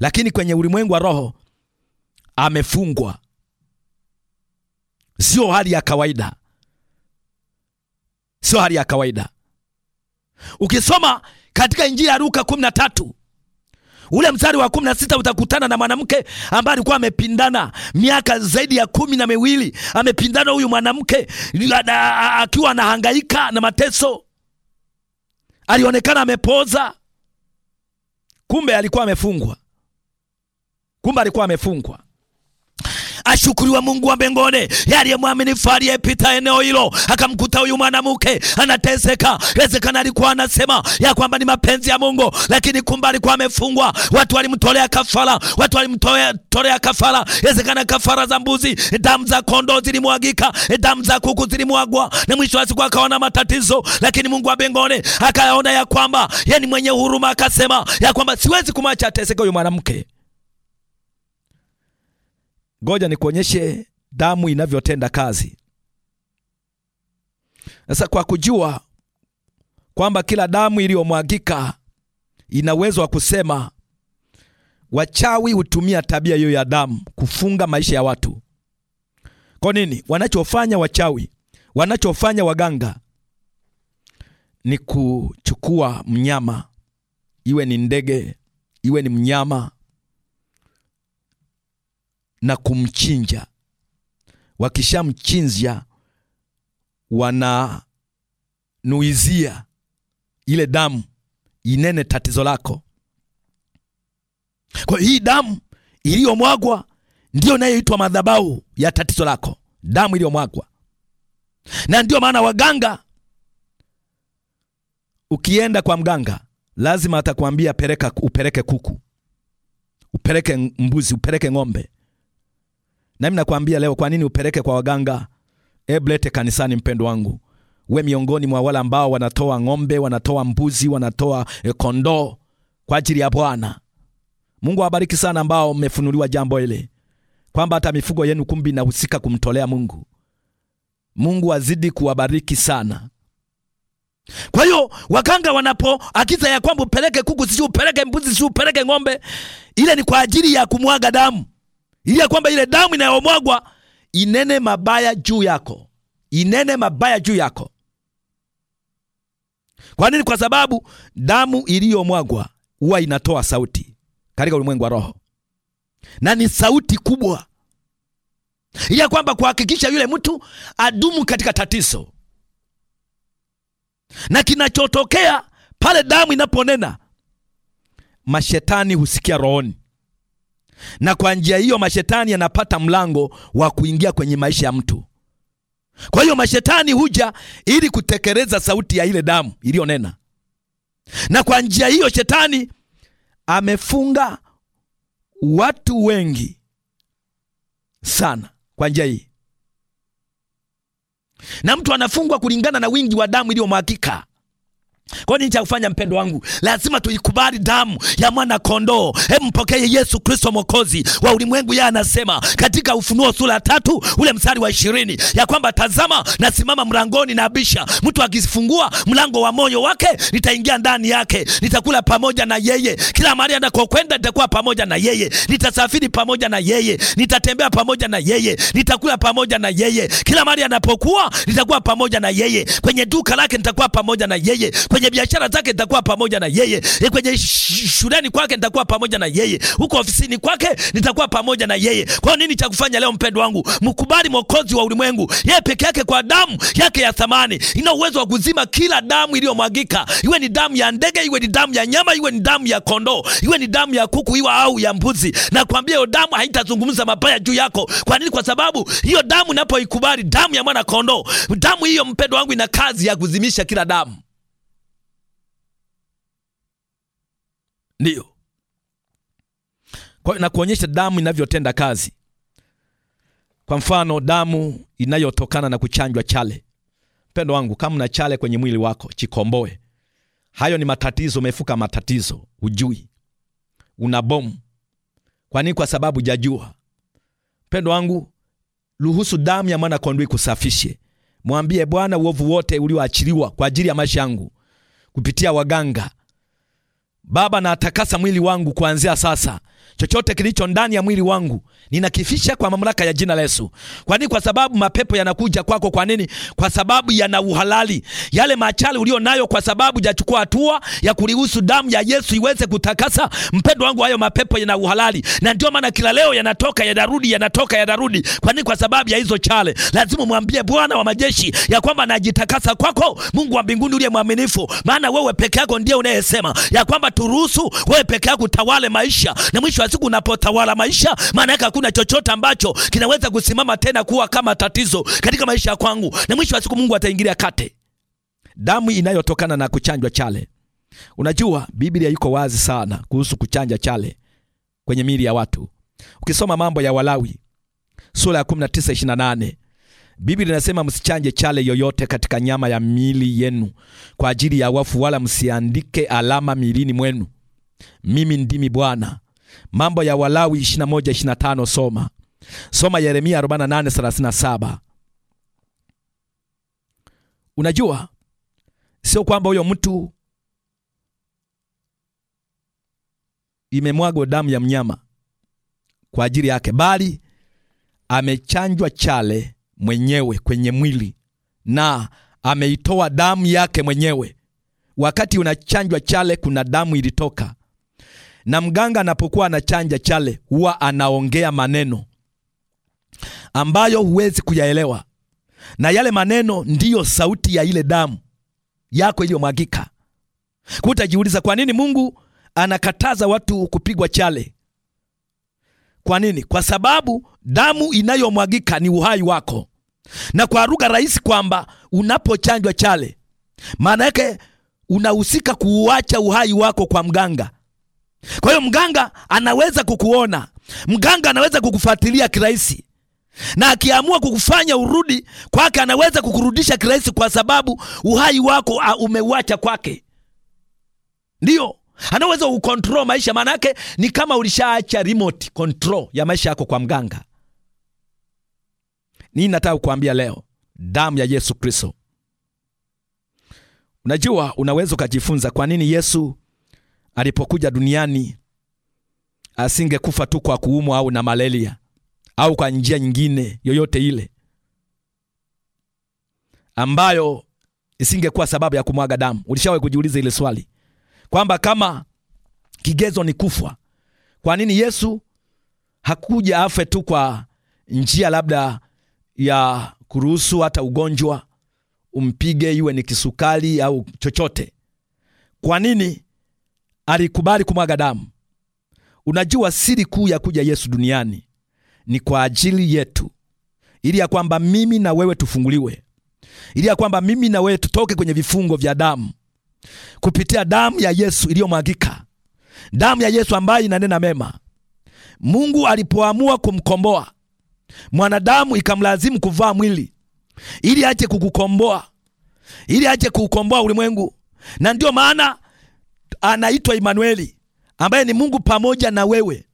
lakini kwenye ulimwengu wa roho amefungwa. Sio hali ya kawaida, sio hali ya kawaida. Ukisoma katika Injili ya Luka 13 ule mstari wa kumi na sita utakutana na mwanamke ambaye alikuwa amepindana miaka zaidi ya kumi na miwili. Amepindana huyu mwanamke akiwa anahangaika na mateso, alionekana amepoza, kumbe alikuwa amefungwa, kumbe alikuwa amefungwa ashukuriwe Mungu wa mbinguni, yaliye mwaminifu aliyepita eneo hilo akamkuta huyu mwanamke anateseka. Wezekana alikuwa anasema ya kwamba ni mapenzi ya Mungu, lakini kumbe alikuwa amefungwa. Watu walimtolea kafara, watu walimtolea kafara, Wezekana kafara za mbuzi, damu za kondoo zilimwagika, damu za kuku zilimwagwa, na mwisho wa siku akaona matatizo, lakini Mungu wa mbinguni akaona ya kwamba yeye ni mwenye huruma, akasema ya kwamba siwezi kumwacha ateseke huyu mwanamke. Ngoja nikuonyeshe damu inavyotenda kazi. Sasa kwa kujua kwamba kila damu iliyomwagika ina uwezo wa kusema, wachawi hutumia tabia hiyo ya damu kufunga maisha ya watu. Kwa nini? Wanachofanya wachawi, wanachofanya waganga ni kuchukua mnyama, iwe ni ndege, iwe ni mnyama na kumchinja. Wakishamchinja wananuizia ile damu inene tatizo lako. Kwa hii damu iliyomwagwa ndiyo inayoitwa madhabahu ya tatizo lako, damu iliyomwagwa. Na ndiyo maana waganga, ukienda kwa mganga lazima atakwambia peleka, upeleke kuku, upeleke mbuzi, upeleke ng'ombe Nami nakwambia leo, kwa nini upeleke kwa waganga? Hebu lete kanisani, mpendo wangu. We miongoni mwa wale ambao wanatoa ng'ombe, wanatoa mbuzi, wanatoa eh, kondoo kwa ajili ya Bwana Mungu. Awabariki sana ambao mmefunuliwa jambo ile, kwamba hata mifugo yenu kumbi inahusika kumtolea Mungu. Mungu azidi kuwabariki sana. Kwa hiyo waganga wanapoagiza ya kwamba upeleke kuku, si upeleke mbuzi, si upeleke ng'ombe, ile ni kwa ajili ya kumwaga damu ili ya kwamba ile damu inayomwagwa inene mabaya juu yako, inene mabaya juu yako. Kwa nini? Kwa sababu damu iliyomwagwa huwa inatoa sauti katika ulimwengu wa roho, na ni sauti kubwa ya kwamba kuhakikisha yule mtu adumu katika tatizo, na kinachotokea pale damu inaponena, mashetani husikia rohoni na kwa njia hiyo mashetani yanapata mlango wa kuingia kwenye maisha ya mtu. Kwa hiyo mashetani huja ili kutekeleza sauti ya ile damu iliyonena, na kwa njia hiyo shetani amefunga watu wengi sana kwa njia hii, na mtu anafungwa kulingana na wingi wa damu iliyomwagika. Kwa nini cha kufanya, mpendo wangu, lazima tuikubali damu ya mwana kondoo. Hebu mpokee Yesu Kristo mwokozi wa ulimwengu. Yeye anasema katika Ufunuo sura tatu ule mstari wa ishirini ya kwamba tazama, nasimama mlangoni na abisha, mtu akifungua mlango wa moyo wake nitaingia ndani yake, nitakula pamoja na yeye, kila mahali anakokwenda nitakuwa pamoja na yeye, nitasafiri pamoja na yeye, nitatembea pamoja na yeye, nitakula pamoja na yeye, kila mahali anapokuwa nitakuwa pamoja na yeye, kwenye duka lake nitakuwa pamoja na yeye kwenye biashara zake nitakuwa pamoja na yeye, e, kwenye shuleni kwake nitakuwa pamoja na yeye, huko ofisini kwake nitakuwa pamoja na yeye. Kwa hiyo nini cha kufanya leo, mpendo wangu, mkubali mwokozi wa ulimwengu, yeye peke yake, kwa damu yake ya thamani. Ina uwezo wa kuzima kila damu iliyomwagika, iwe ni damu ya ndege, iwe ni damu ya nyama, iwe ni damu ya kondoo, iwe ni damu ya kuku, iwe au ya mbuzi. Nakwambia hiyo damu haitazungumza mabaya juu yako. Kwa nini? Kwa sababu hiyo damu napoikubali, damu ya mwana kondoo, damu hiyo, mpendo wangu, ina kazi ya kuzimisha kila damu Ndiyo. Kwa, na kuonyesha damu inavyotenda kazi. Kwa mfano damu inayotokana na kuchanjwa chale. Mpendo wangu, kama na chale kwenye mwili wako chikomboe. Hayo ni matatizo, umefuka matatizo, hujui una bomu. Kwa nini? Kwa sababu jajua. Mpendo wangu, ruhusu damu ya mwana kondui kusafishe. Mwambie Bwana, uovu wote ulioachiliwa kwa ajili ya maisha yangu kupitia waganga Baba, na atakasa mwili wangu kuanzia sasa chochote kilicho ndani ya mwili wangu ninakifisha kwa mamlaka ya jina la Yesu. Kwa nini? kwa sababu mapepo yanakuja kwako kwa nini? Kwa sababu yana uhalali. Yale machali ulio nayo, kwa sababu jachukua hatua ya kuruhusu damu ya Yesu iweze kutakasa, mpendo wangu, hayo mapepo yana uhalali, na ndio maana kila leo yanatoka yanarudi, yanatoka yanarudi. Kwani kwa sababu ya hizo chale, lazima mwambie Bwana wa majeshi ya kwamba najitakasa kwako, Mungu wa mbinguni uliye mwaminifu, maana wewe peke yako ndiye unayesema ya kwamba turuhusu wewe peke yako utawale maisha na mwisho mwisho wa siku unapotawala maisha, maana yake hakuna chochote ambacho kinaweza kusimama tena kuwa kama tatizo katika maisha ya kwangu, na mwisho wa siku Mungu ataingilia kate Damu inayotokana na kuchanjwa chale. Unajua Biblia iko wazi sana kuhusu kuchanja chale kwenye miili ya watu. Ukisoma mambo ya Walawi sura ya 19:28 Biblia inasema msichanje chale yoyote katika nyama ya miili yenu kwa ajili ya wafu, wala msiandike alama milini mwenu. Mimi ndimi Bwana Mambo ya Walawi 21:25 soma. Soma Yeremia 48:37. Unajua sio kwamba huyo mtu imemwagwa damu ya mnyama kwa ajili yake, bali amechanjwa chale mwenyewe kwenye mwili na ameitoa damu yake mwenyewe. Wakati unachanjwa chale, kuna damu ilitoka na mganga anapokuwa anachanja chale huwa anaongea maneno ambayo huwezi kuyaelewa, na yale maneno ndiyo sauti ya ile damu yako iliyomwagika. Kutajiuliza, kwa nini Mungu anakataza watu kupigwa chale? Kwa nini? Kwa sababu damu inayomwagika ni uhai wako, na kwa lugha rahisi kwamba unapochanjwa chale, maana yake unahusika kuuacha uhai wako kwa mganga kwa hiyo mganga anaweza kukuona, mganga anaweza kukufuatilia kirahisi, na akiamua kukufanya urudi kwake, anaweza kukurudisha kirahisi, kwa sababu uhai wako ah, umeuacha kwake. Ndiyo anaweza ukontrol maisha, maana yake ni kama ulishaacha remote control ya maisha yako kwa mganga. Nii nataka kukuambia leo, damu ya Yesu Kristo. Unajua, unaweza ukajifunza kwa nini Yesu alipokuja duniani asingekufa tu kwa kuumwa au na malaria au kwa njia nyingine yoyote ile ambayo isingekuwa sababu ya kumwaga damu. Ulishawahi kujiuliza ile swali kwamba kama kigezo ni kufwa kwa nini Yesu hakuja afe tu kwa njia labda ya kuruhusu hata ugonjwa umpige, iwe ni kisukari au chochote? Kwa nini alikubali kumwaga damu. Unajua, siri kuu ya kuja Yesu duniani ni kwa ajili yetu, ili ya kwamba mimi na wewe tufunguliwe, ili ya kwamba mimi na wewe tutoke kwenye vifungo vya damu kupitia damu ya Yesu iliyomwagika, damu ya Yesu ambayo inanena mema. Mungu alipoamua kumkomboa mwanadamu, ikamlazimu kuvaa mwili ili aje kukukomboa, ili aje kuukomboa ulimwengu, na ndiyo maana anaitwa Emanueli, ambaye ni Mungu pamoja na wewe.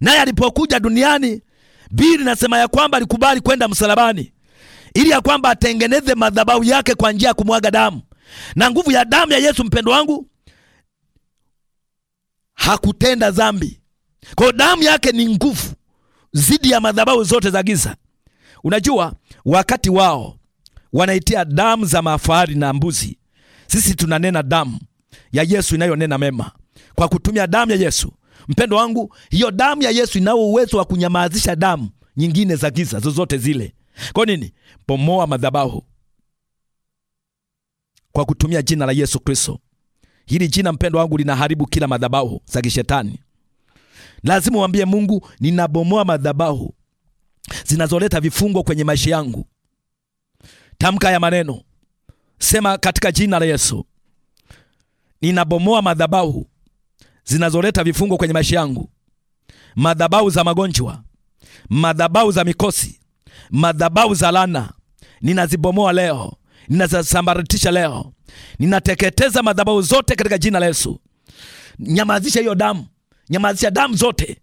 Naye alipokuja duniani, Biblia inasema ya kwamba alikubali kwenda msalabani ili ya kwamba atengeneze madhabahu yake kwa njia ya kumwaga damu, na nguvu ya damu ya Yesu. Mpendo wangu, hakutenda dhambi, kwa damu yake ni nguvu zidi ya madhabahu zote za giza. Unajua, wakati wao wanaitia damu za mafahari na mbuzi, sisi tunanena damu ya Yesu inayonena mema kwa kutumia damu ya Yesu. Mpendo wangu, hiyo damu ya Yesu inao uwezo wa kunyamazisha damu nyingine za giza zozote zile. Kwa nini? Bomoa madhabahu kwa kutumia jina la Yesu Kristo. Hili jina mpendo wangu linaharibu kila madhabahu za kishetani. Lazima uambie Mungu, ninabomoa madhabahu zinazoleta vifungo kwenye maisha yangu. Tamka ya maneno, sema katika jina la Yesu ninabomoa madhabahu zinazoleta vifungo kwenye maisha yangu, madhabahu za magonjwa, madhabahu za mikosi, madhabahu za lana ninazibomoa leo, ninazisambaratisha leo, ninateketeza madhabahu zote katika jina la Yesu. Nyamazisha hiyo damu, nyamazisha damu zote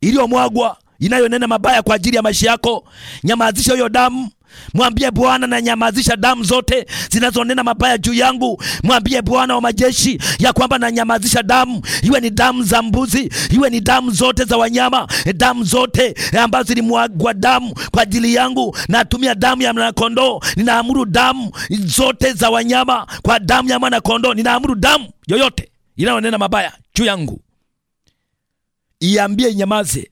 iliyomwagwa inayonena mabaya kwa ajili ya maisha yako, nyamazisha hiyo damu. Mwambie Bwana, na nyamazisha damu zote zinazonena mabaya juu yangu. Mwambie Bwana wa majeshi ya kwamba na nyamazisha damu, iwe ni damu za mbuzi, iwe ni damu zote za wanyama, damu zote ambazo zilimwagwa damu kwa ajili yangu. Natumia damu ya mwanakondoo, ninaamuru damu zote za wanyama kwa damu ya mwanakondoo, ninaamuru damu yoyote inayonena mabaya juu yangu, iambie inyamaze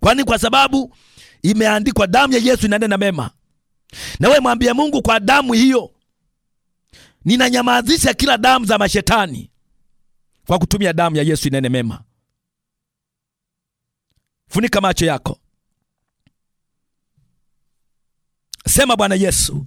Kwani kwa sababu imeandikwa damu ya Yesu inanena mema. Na wewe mwambie Mungu, kwa damu hiyo ninanyamazisha kila damu za mashetani, kwa kutumia damu ya Yesu inene mema. Funika macho yako, sema Bwana Yesu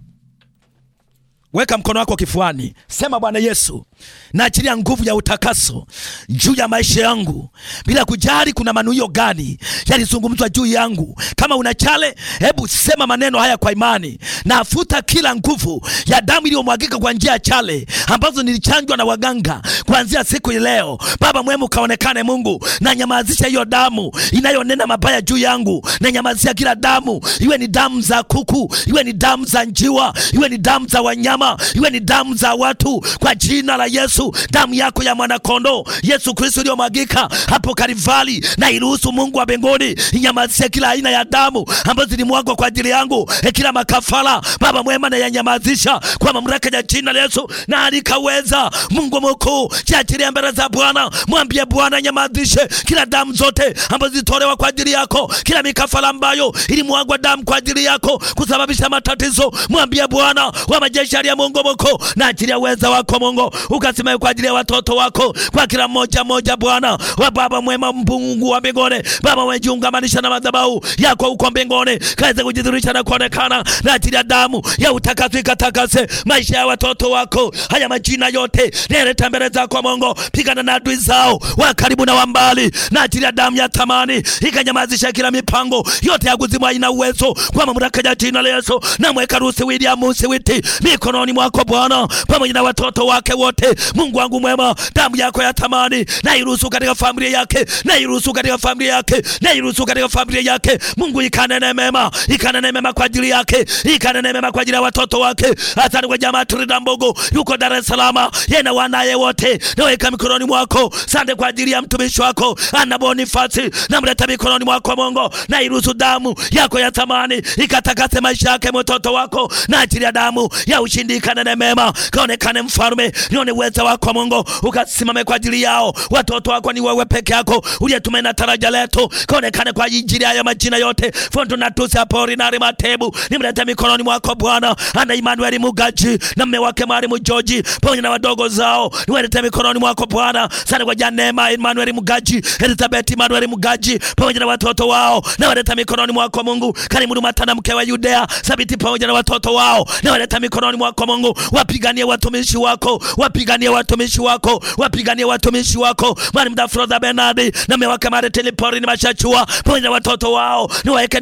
Weka mkono wako kifuani, sema Bwana Yesu, naachilia nguvu ya utakaso juu ya maisha yangu, bila kujali kuna manuio gani yalizungumzwa juu yangu. Kama una chale, hebu sema maneno haya kwa imani. Nafuta kila nguvu ya damu iliyomwagika kwa njia ya chale ambazo nilichanjwa na waganga kuanzia siku leo. Baba mwema, ukaonekane Mungu, na nyamazisha hiyo damu inayonena mabaya juu yangu, na nyamazisha kila damu, iwe ni damu za kuku, iwe ni damu za njiwa, iwe ni damu za wanyama mnyama, iwe ni damu za watu, kwa jina la Yesu. Damu yako ya mwanakondoo Yesu Kristo iliyomwagika hapo Kalivari, na iruhusu Mungu wa mbinguni inyamazie kila aina ya damu ambazo zilimwagwa kwa ajili yangu, e kila makafara. Baba mwema, na yanyamazisha kwa mamlaka ya jina la Yesu, na alikaweza Mungu mkuu, jiachilie mbele za Bwana, mwambie Bwana, nyamazishe kila damu zote ambazo zitolewa kwa ajili yako, kila mikafara ambayo ilimwagwa damu kwa ajili yako kusababisha matatizo, mwambie Bwana wa majeshi ya Mungu mkuu, na ajili ya uweza wako Mungu, ukasimame kwa ajili ya watoto wako, kwa kila mmoja mmoja, Bwana wa baba mwema, Mungu wa mbinguni, Baba wejiungamanisha na madhabahu yako huko mbinguni, kaweze kujidhihirisha na kuonekana, na ajili ya damu ya utakaso ikatakase maisha ya watoto wako. Haya majina yote nileta mbele zako Mungu, pigana na adui zao wa karibu na wa mbali, na ajili ya damu ya thamani ikanyamazisha kila mipango yote ya kuzimu, haina uwezo kwa mamlaka ya jina la Yesu. Na mweka Rusi William Msiwiti mikono mikononi mwako Bwana, pamoja na watoto wake wote. Mungu wangu mwema, damu yako ya thamani na iruhusu katika familia yake, na iruhusu katika familia yake, na iruhusu katika familia yake. Mungu ikanene mema, ikanene mema kwa ajili yake, ikanene mema kwa ajili ya watoto wake. Asante kwa jamaa Trida Mbogo yuko Dar es Salaam, yeye na wanaye wote, naweka mikononi mwako. Asante kwa ajili ya mtumishi wako Ana Bonifasi, namleta mikononi mwako Mungu, na iruhusu damu yako ya thamani ikatakase maisha yake mtoto wako na ajili ya damu ya ushindi nikatindikane na mema, kaonekane mfalme, nione uweza wako Mungu, ukasimame kwa ajili yao. Watoto wako ni wewe peke yako uliyetumaini na taraja letu, kaonekane kwa ajili ya majina yote fondo na tusi hapo na rimatebu, nimlete mikononi mwako Bwana. Ana Emmanuel Mugaji na mume wake Marimu George pamoja na wadogo zao, niwalete mikononi mwako Bwana. Sana kwa Janema Emmanuel Mugaji, Elizabeth Emmanuel Mugaji pamoja na watoto wao, nawaleta mikononi mwako Mungu. Karimu Matana mke wa Judea Sabiti pamoja na watoto wao, nawaleta mikononi mwako kwa Mungu, wapiganie watumishi wako, wapiganie watumishi wako, wapiganie watumishi wako, mwalimu Dafroza Benadi na mke wake Martin ni Mashachua pamoja na watoto wao, niwaeke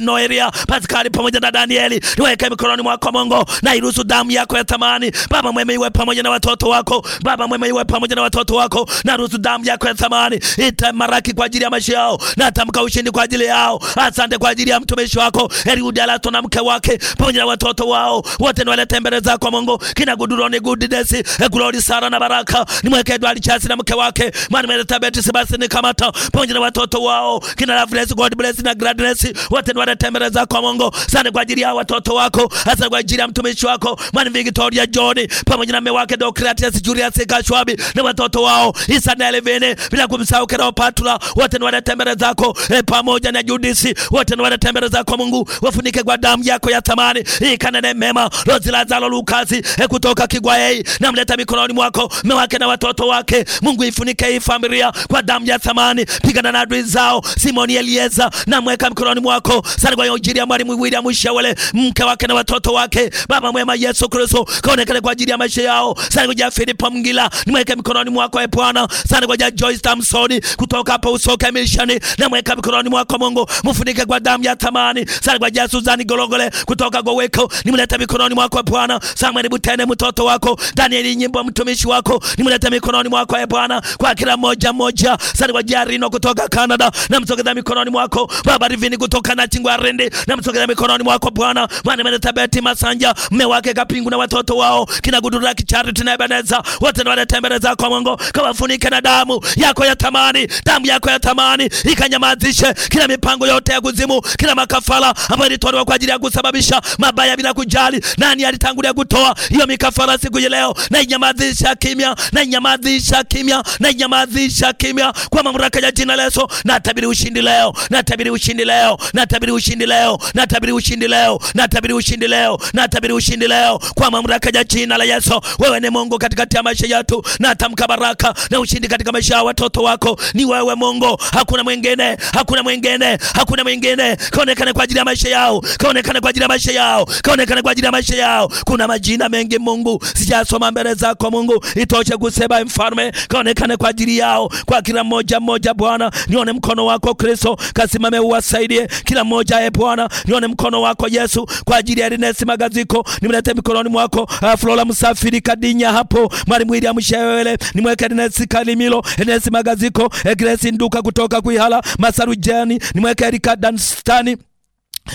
Noelia Pascal pamoja na Danieli, niwaeke mikononi mwako Mungu, na iruhusu damu yako ya thamani Baba mwema iwe pamoja na watoto wako, Baba mwema iwe pamoja na watoto wako, na ruhusu damu yako ya thamani itamaraki kwa ajili ya maisha yao, na tamka ushindi kwa ajili yao. Asante kwa ajili ya mtumishi wako Eliud Alato na mke wake pamoja na watoto wao wote, niwalete mbele mbele zako Mungu, kina Guduroni Gudidesi, Glory e, Sara na Baraka, nimweke Edward Chasi na mke wake, maana mleta Betty Sebastian Kamata pamoja na watoto wao, kina Loveless God bless na Gladness, wote wanatembea mbele zako Mungu. Asante kwa ajili ya watoto wako, asante kwa ajili ya mtumishi wako, maana Victoria John pamoja na mume wake Deogratias Julius Kashwabi na watoto wao Isa na Elvene, bila kumsahau kero Patula, wote wanatembea mbele zako e, pamoja na Judisi, wote wanatembea mbele zako Mungu, wafunike kwa damu yako ya thamani, ikanene mema Rozi Lazaro ambalo Lukazi eh, kutoka Kigwaei namleta mikononi mwako, mume wake na watoto wake. Mungu ifunike hii familia kwa damu ya thamani, pigana na adui zao. Simoni Elieza namweka mikononi mwako sana kwa ajili ya mwalimu William Shewele, mke wake na watoto wake. Baba mwema Yesu Kristo, kaonekane kwa ajili ya maisha yao sana. Kwa Filipo Mgila nimweke mikononi mwako e Bwana sana. Kwa Joyce Thompson kutoka hapo Usoke Mishani namweka mikononi mwako Mungu, mfunike kwa damu ya thamani sana. Kwa Suzani Gologole kutoka Goweko nimleta mikononi mwako e Bwana Bwana. Samweli Butende mtoto wako, Danieli Nyimbo mtumishi wako, nimlete mikononi mwako e Bwana, kwa kila moja moja. Sani Jarino kutoka Canada, namsogeza mikononi mwako. Baba Rivini kutoka na Chingwa Rende, namsogeza mikononi mwako Bwana. Mwana mwana Tabeti Masanja, mme wake Kapingu na watoto wao, kina Gudura Kichariti na Ebeneza, wote wanatembea kwa Mungu, kawafunike na damu yako ya tamani, damu yako ya tamani ikanyamazishe kila mipango yote ya kuzimu, kila makafala ambayo ilitolewa kwa ajili ya kusababisha mabaya bila kujali nani alitangu ya kutoa hiyo mikafara siku ya leo, na inyamadhisha kimya, na inyamadhisha kimya, na inyamadhisha kimya kwa mamlaka ya jina la Yesu. tabiri ushindi leo, na tabiri ushindi leo, na tabiri ushindi leo, na tabiri ushindi leo, na tabiri ushindi leo, na tabiri ushindi leo kwa mamlaka ya jina la Yesu. Wewe ni Mungu katikati ya maisha yetu, na tamka baraka na ushindi katika maisha ya watoto wako. Ni wewe Mungu, hakuna mwingine, hakuna mwingine, hakuna mwingine. Kaonekane kwa ajili ya maisha yao, kaonekane kwa ajili ya maisha yao, kaonekane kwa ajili ya maisha yao. Kuna majina mengi Mungu sijasoma mbele zako Mungu, itoshe kusema mfalme, kaonekane kwa ajili yao, kwa kila mmoja mmoja. Bwana nione mkono wako Kristo, kasimame uwasaidie kila mmoja. E Bwana nione mkono wako Yesu, kwa ajili ya Ernest Magaziko nimlete mikononi mwako. Uh, Flora Msafiri Kadinya hapo, Mwalimu William Shewele nimweke Ernest Kalimilo, Ernest Magaziko, Grace Nduka kutoka Kuihala Masarujani nimweke Erika Danstani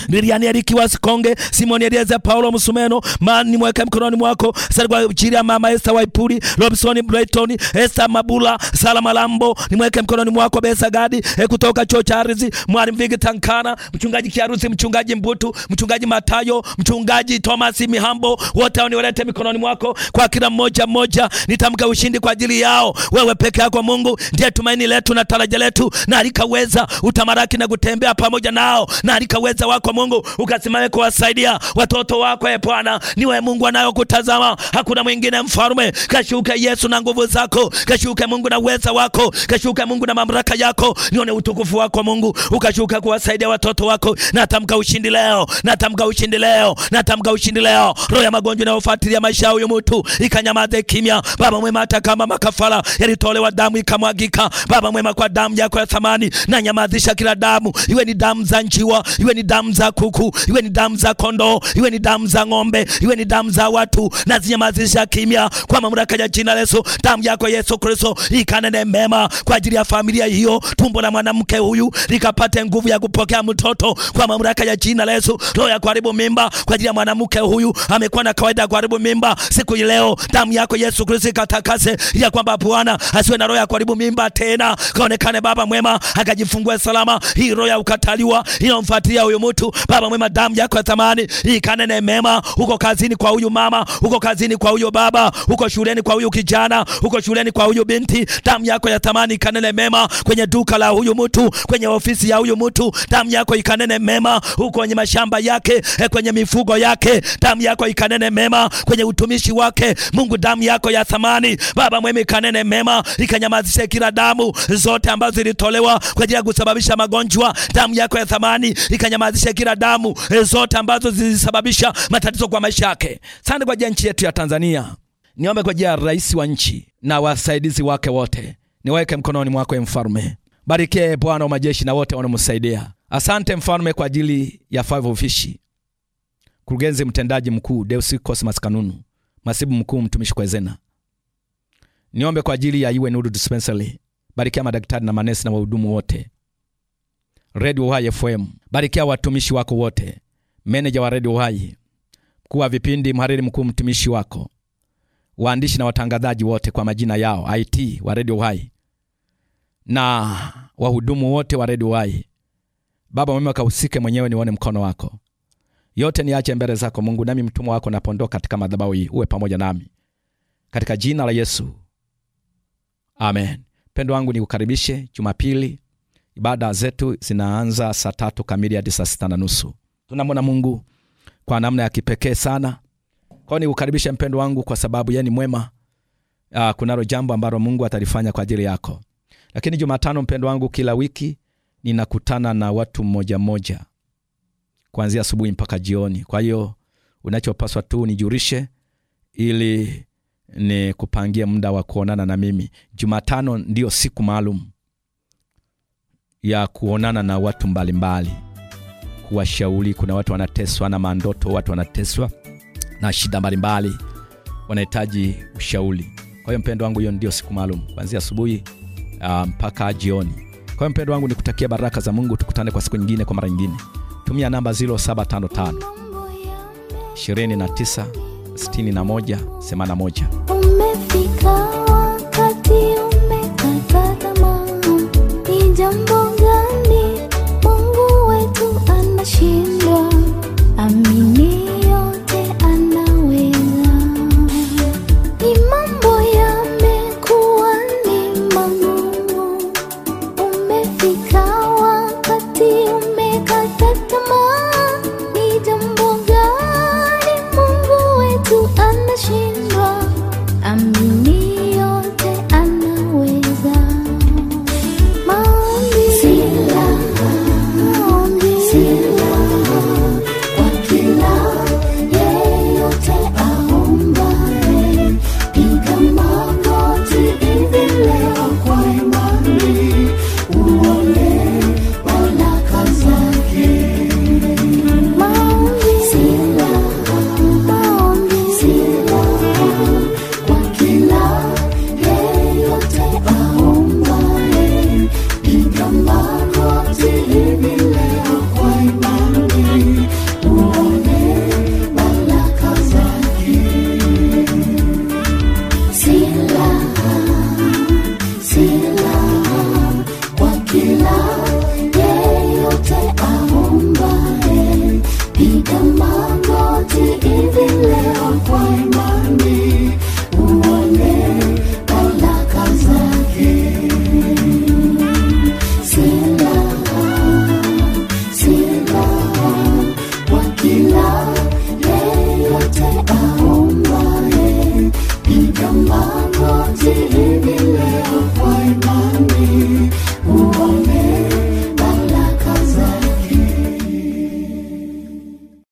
Miriani alikiwa sikonge Simoni aliweza Paulo Msumeno mani mweke mkononi mwako sasa kwa ajili ya mama Esther Waipuri Robinson Brighton Esther Mabula Salama Lambo nimweke mkononi mwako Besa Gadi e kutoka chuo cha Arizi mwalimu Vigi Tankana mchungaji Kiarusi mchungaji Mbutu mchungaji Matayo mchungaji Thomas Mihambo wote uniwalete mikononi mwako kwa kila mmoja mmoja nitamka ushindi kwa ajili yao wewe peke yako Mungu ndiye tumaini letu na taraja letu na alikaweza utamaraki na kutembea pamoja nao na alikaweza wako Mungu ukasimame kuwasaidia watoto wako, e Bwana, niwe Mungu anayokutazama, hakuna mwingine mfalme. Kashuke Yesu na nguvu zako, kashuke Mungu na uweza wako, kashuke Mungu na mamlaka yako, nione utukufu wako Mungu, ukashuka kuwasaidia watoto wako. Natamka ushindi leo, natamka ushindi leo, natamka ushindi leo. Roho ya magonjwa inayofuatilia maisha ya huyu mtu ikanyamaze kimya. Baba mwema, hata kama makafara yalitolewa damu ikamwagika, Baba mwema, kwa damu yako ya thamani na nyamazisha kila damu, iwe ni damu za njiwa, iwe ni damu damu za kuku, iwe ni damu za kondoo, iwe ni damu za ng'ombe, iwe ni damu za watu, nazinyamazisha kimya kwa mamlaka ya jina la Yesu. Damu yako Yesu Kristo ikanene mema kwa ajili ya familia hiyo, tumbo la mwanamke huyu likapate nguvu ya kupokea mtoto kwa mamlaka ya jina la Yesu. Roho ya kuharibu mimba kwa ajili ya mwanamke huyu, amekuwa na kawaida ya kuharibu mimba, siku ya leo damu yako Yesu Kristo ikatakase, ya kwamba Bwana asiwe na roho ya kuharibu mimba tena, kaonekane baba mwema, akajifungua salama. Hii roho ya ukataliwa inamfuatia huyo mtu tu. Baba mwema, damu yako ya thamani ikanene mema huko kazini kwa huyu mama, huko kazini kwa huyo baba, huko shuleni kwa huyu kijana, huko shuleni kwa huyu binti. Damu yako ya thamani ikanene mema kwenye duka la huyu mtu, kwenye ofisi ya huyu mtu. Damu yako ikanene mema huko kwenye mashamba yake, e, kwenye mifugo yake. Damu yako ikanene mema kwenye utumishi wake. Mungu, damu yako ya thamani Baba mwema ikanene mema, ikanyamazishe kila damu zote ambazo zilitolewa kwa ajili ya kusababisha magonjwa. Damu yako ya thamani ikanyamazishe afutie kila damu e zote ambazo zilisababisha matatizo kwa maisha yake. Asante kwa ajili ya nchi yetu ya Tanzania. Niombe kwa ajili ya rais wa nchi na wasaidizi wake wote, niweke mkononi mwako e mfalme. Barikie Bwana wa majeshi na wote wanaomsaidia. Asante mfalme kwa ajili ya Five Fish, mkurugenzi mtendaji mkuu Deus Cosmas Kanunu, masibu mkuu mtumishi Kwezena. Niombe kwa ajili ya Iwe Nuru Dispensary. Barikia madaktari na manesi na wahudumu wote Redio Uhai FM. Barikia watumishi wako wote, meneja wa Redio Uhai, mkuu wa vipindi, mhariri mkuu, mtumishi wako, waandishi na watangazaji wote kwa majina yao, IT wa Redio Uhai na wahudumu wote wa Redio Uhai. Baba mwema, kahusike mwenyewe, nione mkono wako. Yote niache mbele zako Mungu, nami mtumwa wako napondoka katika madhabahu hii, uwe pamoja nami katika jina la Yesu, amen. Mpendo wangu, nikukaribishe Jumapili Ibada zetu zinaanza saa tatu kamili hadi saa sita na nusu. Tunamwona Mungu kwa namna ya kipekee sana. Kwao nikukaribishe mpendo wangu, kwa sababu yeye ni mwema. Uh, kunalo jambo ambalo Mungu atalifanya kwa ajili yako. Lakini Jumatano, mpendo wangu, kila wiki ninakutana na watu mmoja mmoja kuanzia asubuhi mpaka jioni. Kwa hiyo unachopaswa tu nijulishe, ili nikupangie muda wa kuonana na mimi. Jumatano ndiyo siku maalum ya kuonana na watu mbalimbali, kuwashauri. Kuna watu wanateswa na mandoto, watu wanateswa na shida mbalimbali, wanahitaji ushauri. Kwa hiyo mpendo wangu, hiyo ndio siku maalum kuanzia asubuhi uh, mpaka jioni. Kwa hiyo mpendo wangu, nikutakia baraka za Mungu, tukutane kwa siku nyingine, kwa mara nyingine. Tumia namba 0755 29 61 81. Umefika wakati umekata 像梦的。